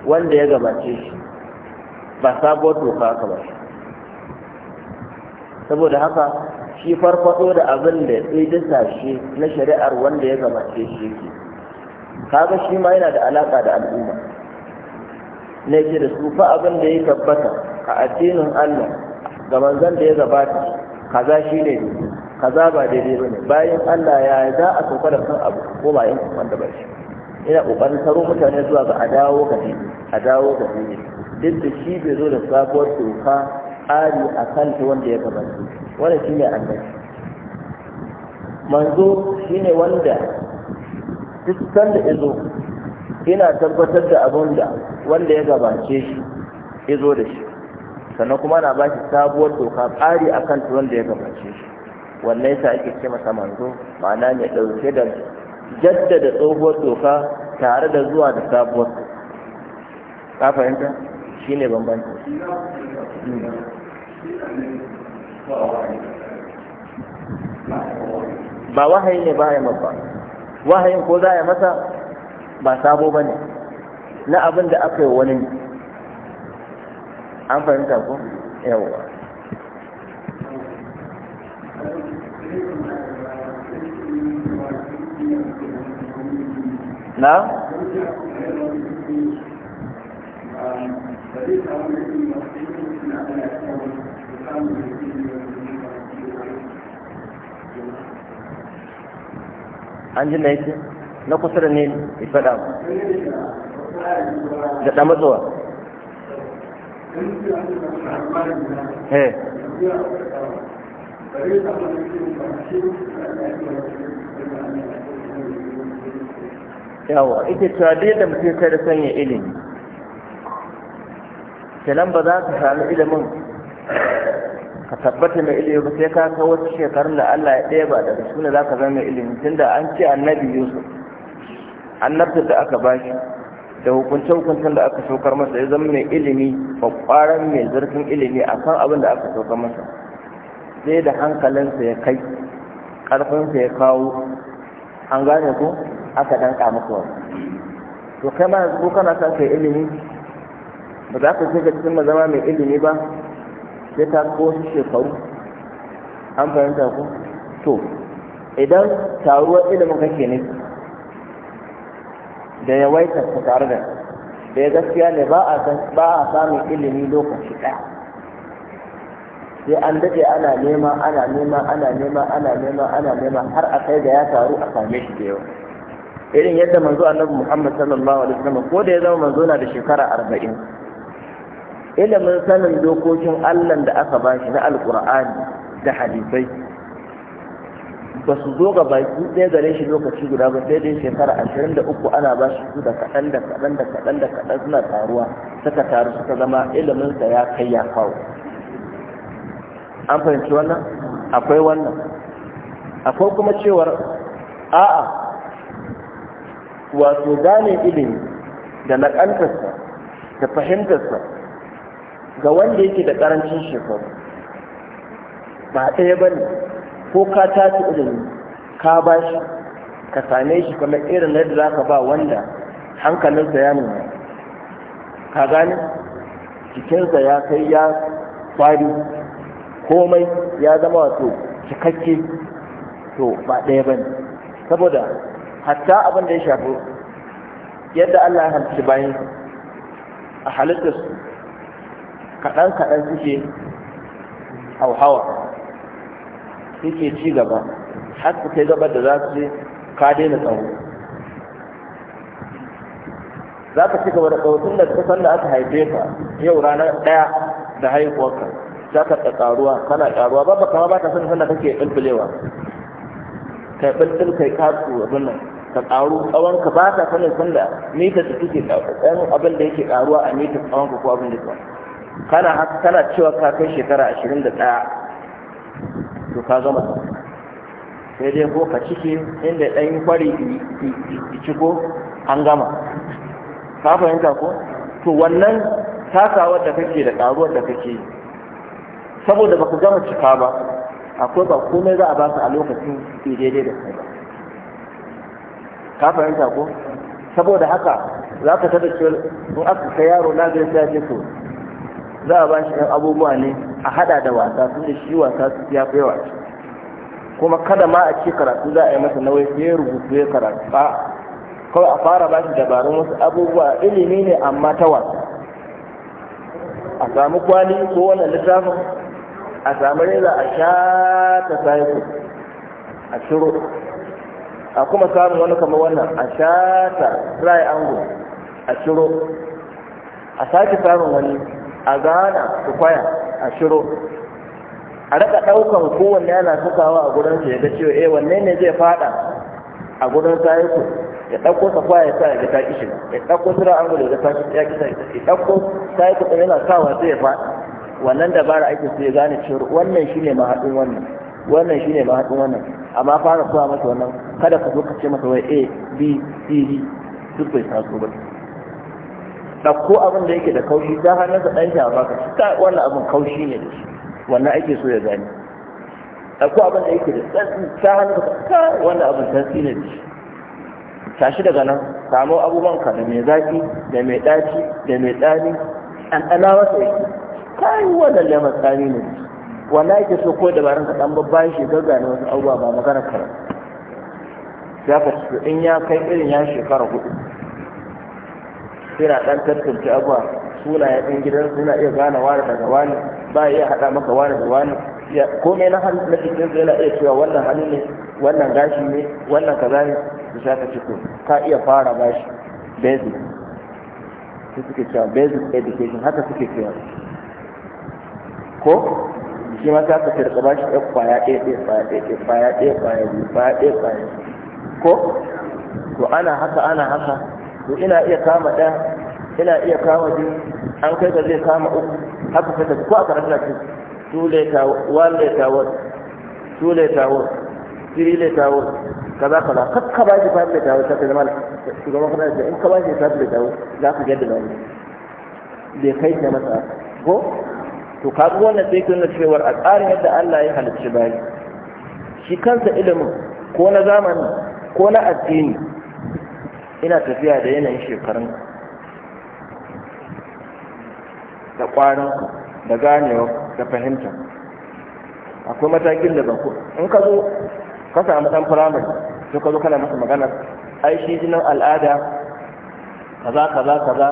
wanda ya gabace shi ba sabuwar doka ka ba shi saboda haka shi farfaɗo da abin da ya dasa shi na shari'ar wanda ya zama ce shi ke kaga shi ma yana da alaƙa da al'umma ne ke da su fa abin da ya tabbata a addinin Allah ga manzon da ya gabata kaza shi ne kaza ba daidai ba ne bayan Allah ya za a sauka da kan abu ko ba yin wanda ba shi ina kokarin taro mutane zuwa ga adawo ga a dawo ga duk da shi bai zo da sabuwar doka Ƙari a kan ta wanda ya gabata wanda shi ne annabi manzo shi ne wanda duk sanda izo yana tabbatar da abin da wanda ya gabace shi izo da shi sannan kuma na ba shi sabuwar doka ƙari a kan wanda ya gabace shi wannan yasa ake ce masa manzo ma'ana mai ɗauke da jaddada tsohuwar doka tare da zuwa da sabuwar ka fahimta shi ne bambanci hmm. ba wahayi ne ba ya masa wahayin ko za ya masa ba sabo ba ne na abin da aka yi wani ne an fahimta ko yawwa na? na? an ji na yake na kusa da ne ya faɗa da ɗan matsuwa eh yawa ita cewa duk da mutum kai da sanya ilimi kenan ba za ka sami ilimin ka tabbata mai ilimi ba sai ka kawo shekarun da Allah ya ɗaya ba daga su ne za ka zama mai ilimi tunda an ce annabi yusuf annabta da aka ba shi, da hukunce-hukuncen da aka saukar masa ya zama mai ilimi ƙwarar mai zurfin ilimi a kan abin da aka saukar masa sai da hankalinsa ya kai ƙarfinsa ya kawo an gane ko aka danka masa wasu to kai ma yanzu kana sa ilimi ba za ka ka cikin zama mai ilimi ba sai ta wasu shekaru an fahimta ku to idan taruwar ilimin kake ne da waita ta tare da da ya gaskiya ne ba a samun ilimi lokaci ɗaya sai an daɗe ana nema ana nema ana nema ana nema ana nema har a kai da ya taru a same shi da yau irin yadda manzo annabi muhammad sallallahu alaihi wasallam ko da ya zama manzo na da shekara arba'in ilimin sanin dokokin Allah da aka bashi na alkur'ani da hadisai ba su zo ga baki ɗaya gare shi lokaci guda ba sai dai shekara ashirin da uku ana ba shi su da kaɗan da kaɗan da kaɗan da kaɗan suna taruwa suka taru suka zama iliminsa ya kai ya kawo an fahimci wannan akwai wannan akwai kuma cewar a'a wato gane ilimi da naƙantarsa da fahimtarsa ga wanda yake da karancin shekaru ba ɗaya ba ne ko ka tashi ilimi ka ba shi ka same shi kuma irin na yadda za ka ba wanda hankalinsa ya nuna ka gane jikinsa ya kai ya kwari komai ya zama wato cikakke to ba ɗaya ba ne saboda hatta abin da ya shafi yadda Allah ya halitta bayan a halittarsu kaɗan-kaɗan suke hauhawa suke ci gaba har su kai gabar da za su ka daina tsawo za ka ci gaba da tsawo tun da ta san da aka haife ka yau ranar ɗaya da haihuwarka za ka ta ƙaruwa kana ƙaruwa ba ba kama ba ta san sanda kake ɓulɓulewa kai ɓulɓul kai katsu abin nan ka ƙaru tsawon ka ba ta sanin sanda mita da suke ɗan abin da yake ƙaruwa a mita tsawon ka ko abin da ya kana haka kana cewa ka kai shekara ashirin da ɗaya to ka gama sai dai ko ka cike inda ɗan kwari ki ciko an gama ka fahimta ko to wannan takawar da kake da ƙaruwar da kake saboda saboda ku gama cika ba akwai ba komai za a ba su a lokacin daidai da kai ba ka fahimta ko saboda haka za ka tada cewa in aka kai yaro na gaisa ya ce to za a ba shi ɗan abubuwa ne a hada da wasa su da shi wasa su ya fi yawa kuma kada ma a ce karatu za a yi masa nawai sai rubutu ya karatu ba kawai a fara ba shi dabarun wasu abubuwa ilimi ne amma ta wasa a samu kwali ko wani littafin a samu reza a sha ta sayu a shiro a kuma samun wani kamar wannan a sha ta triangle a shiro a sake samun wani a gana su kwaya a shiro a raka daukan kowanne yana sakawa a gurin su ya ga cewa eh wanne ne zai fada a gurin sayi ya dauko sa kwaya sa ya ga ta kishin ya ɗauko sura an gudu ya ta kishi ya kisa ya ɗauko sayi ku yana sawa sai ya fada wannan dabara ake sai ya gane cewa wannan shine mahaɗin wannan wannan shine mahaɗin wannan amma fara kowa masa wannan kada ka zo ka ce masa wai a b c d duk bai taso ba ɗauko abin da yake da kaushi ta hannunsa ɗan shafa ka ta wannan abin kaushi ne da shi wannan ake so ya gani ɗauko abin da yake da tsantsi ta hannunsa ta wannan abin tsantsi ne da shi tashi daga nan samu abubuwan ka da mai zafi, da mai ɗaci da mai tsani an ɗana masa yake yi wannan lemon tsani ne wannan ake so ko dabarun ka ɗan babban shi gaggane wasu abubuwa ba magana karatu ya ka in ya kai irin ya shekara hudu yana dan tantance abuwa ya ɗin gidan suna iya gane wani daga wani ba iya haɗa maka wani da wani komai na hannu na jikinsu na iya cewa wannan hannu ne wannan gashi ne wannan kaza ne su sha ka ciko ka iya fara bashi basic su suke cewa basic education haka suke cewa ko shi ma ta ka da bashi ɗan kwaya ɗaya ɗaya kwaya ɗaya kwaya ɗaya kwaya ɗaya kwaya ɗaya kwaya ko to ana haka ana haka to ina iya kama ɗaya ina iya kama biyu an kai ka zai kama uku haka sai ka ko a karatu na cikin two later one later one two later one ka later one kaza kaza kar ka ta five later one sai zama shugaban kuma da in ka bashi five later one za ku jaddada wani bai kai ta masa ko to kaga wannan sai kun cewa a tsarin yadda Allah ya halicci bayi shi kansa ilimin ko na zamani ko na addini ina tafiya da yanayin shekarun da kwanan da ganewa da fahimta akwai matakin da zanku in ka zo ka samu ɗan firamare to ka zo kana masa magana ai shi jinin al'ada kaza kaza kaza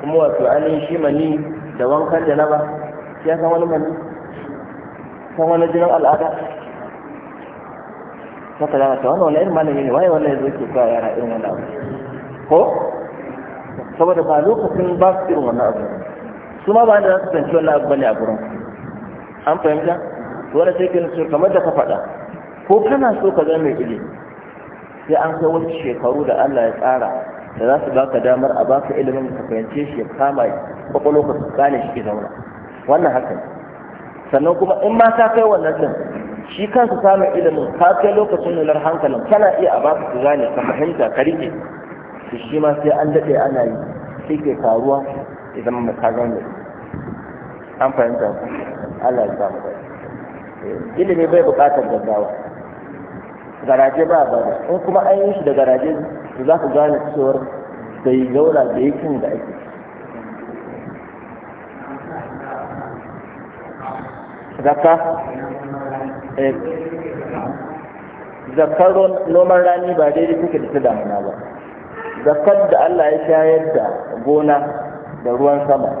kuma wato ainihin shi mani da wankan da na ba shi ya san wani mani san wani jinin al'ada saka da ta wani wani irin malami ne waye wani ya zo ke kwa yara irin wani abu ko saboda ba lokacin ba su irin wannan abu su ma ba da za su tsanci wannan abu bane a gurin an fahimta wanda sai ka nasu kamar da ka faɗa ko kana so ka zama mai ilimi sai an kai wasu shekaru da Allah ya tsara da za su baka damar a baka ilimin ka fahimce shi ya kama lokacin ka gane shi ke zauna wannan haka sannan kuma in ma ka kai wannan din shi kansa samun ilimin ka kai lokacin nular hankalin kana iya a baka ka gane ka fahimta ka rike to shi ma sai an daɗe ana yi shi ke faruwa idan zama makagan da an fahimta ku Allah ya samu bai eh, ilimi bai buƙatar gaggawa garaje ba ba in kuma an yi shi da garaje za ku gane cewar bai gaura da yakin da ake zaka eh. zakkar noman rani ba daidai kuke da ta damuna ba zakar da Allah ya shayar da gona da ruwan sama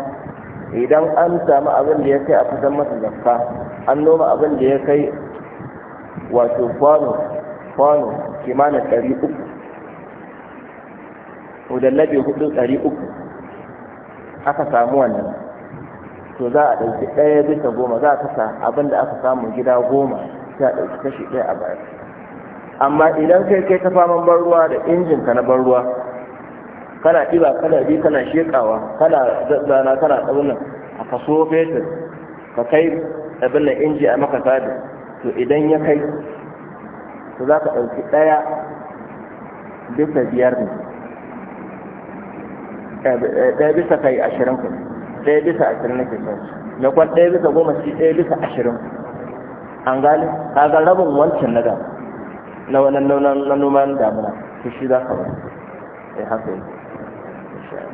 idan an samu abin da ya kai a kusan masa zakka an noma abin da ya kai wato kwano kwano kimanin ɗari uku hudallabe hudu ɗari uku aka samu wannan to za a ɗauki ɗaya bisa goma za a kasa abin da aka samu gida goma sai a ɗauki kashi ɗaya a baya amma idan kai kai ta faman ban ruwa da injin ka na ban ruwa kana ɗiba kana bi kana shekawa kana zazzana kana tsabunan a kaso fetur ka kai abin nan inji a maka sadi to idan ya kai to za ka ɗauki ɗaya bisa biyar ne eh, eh, ɗaya bisa kai ashirin ku ɗaya bisa ashirin na na kwan ɗaya bisa goma shi ɗaya bisa ashirin an gane ka ga rabin wancan na da na wannan na damuna to shi za ka ba eh, haka yi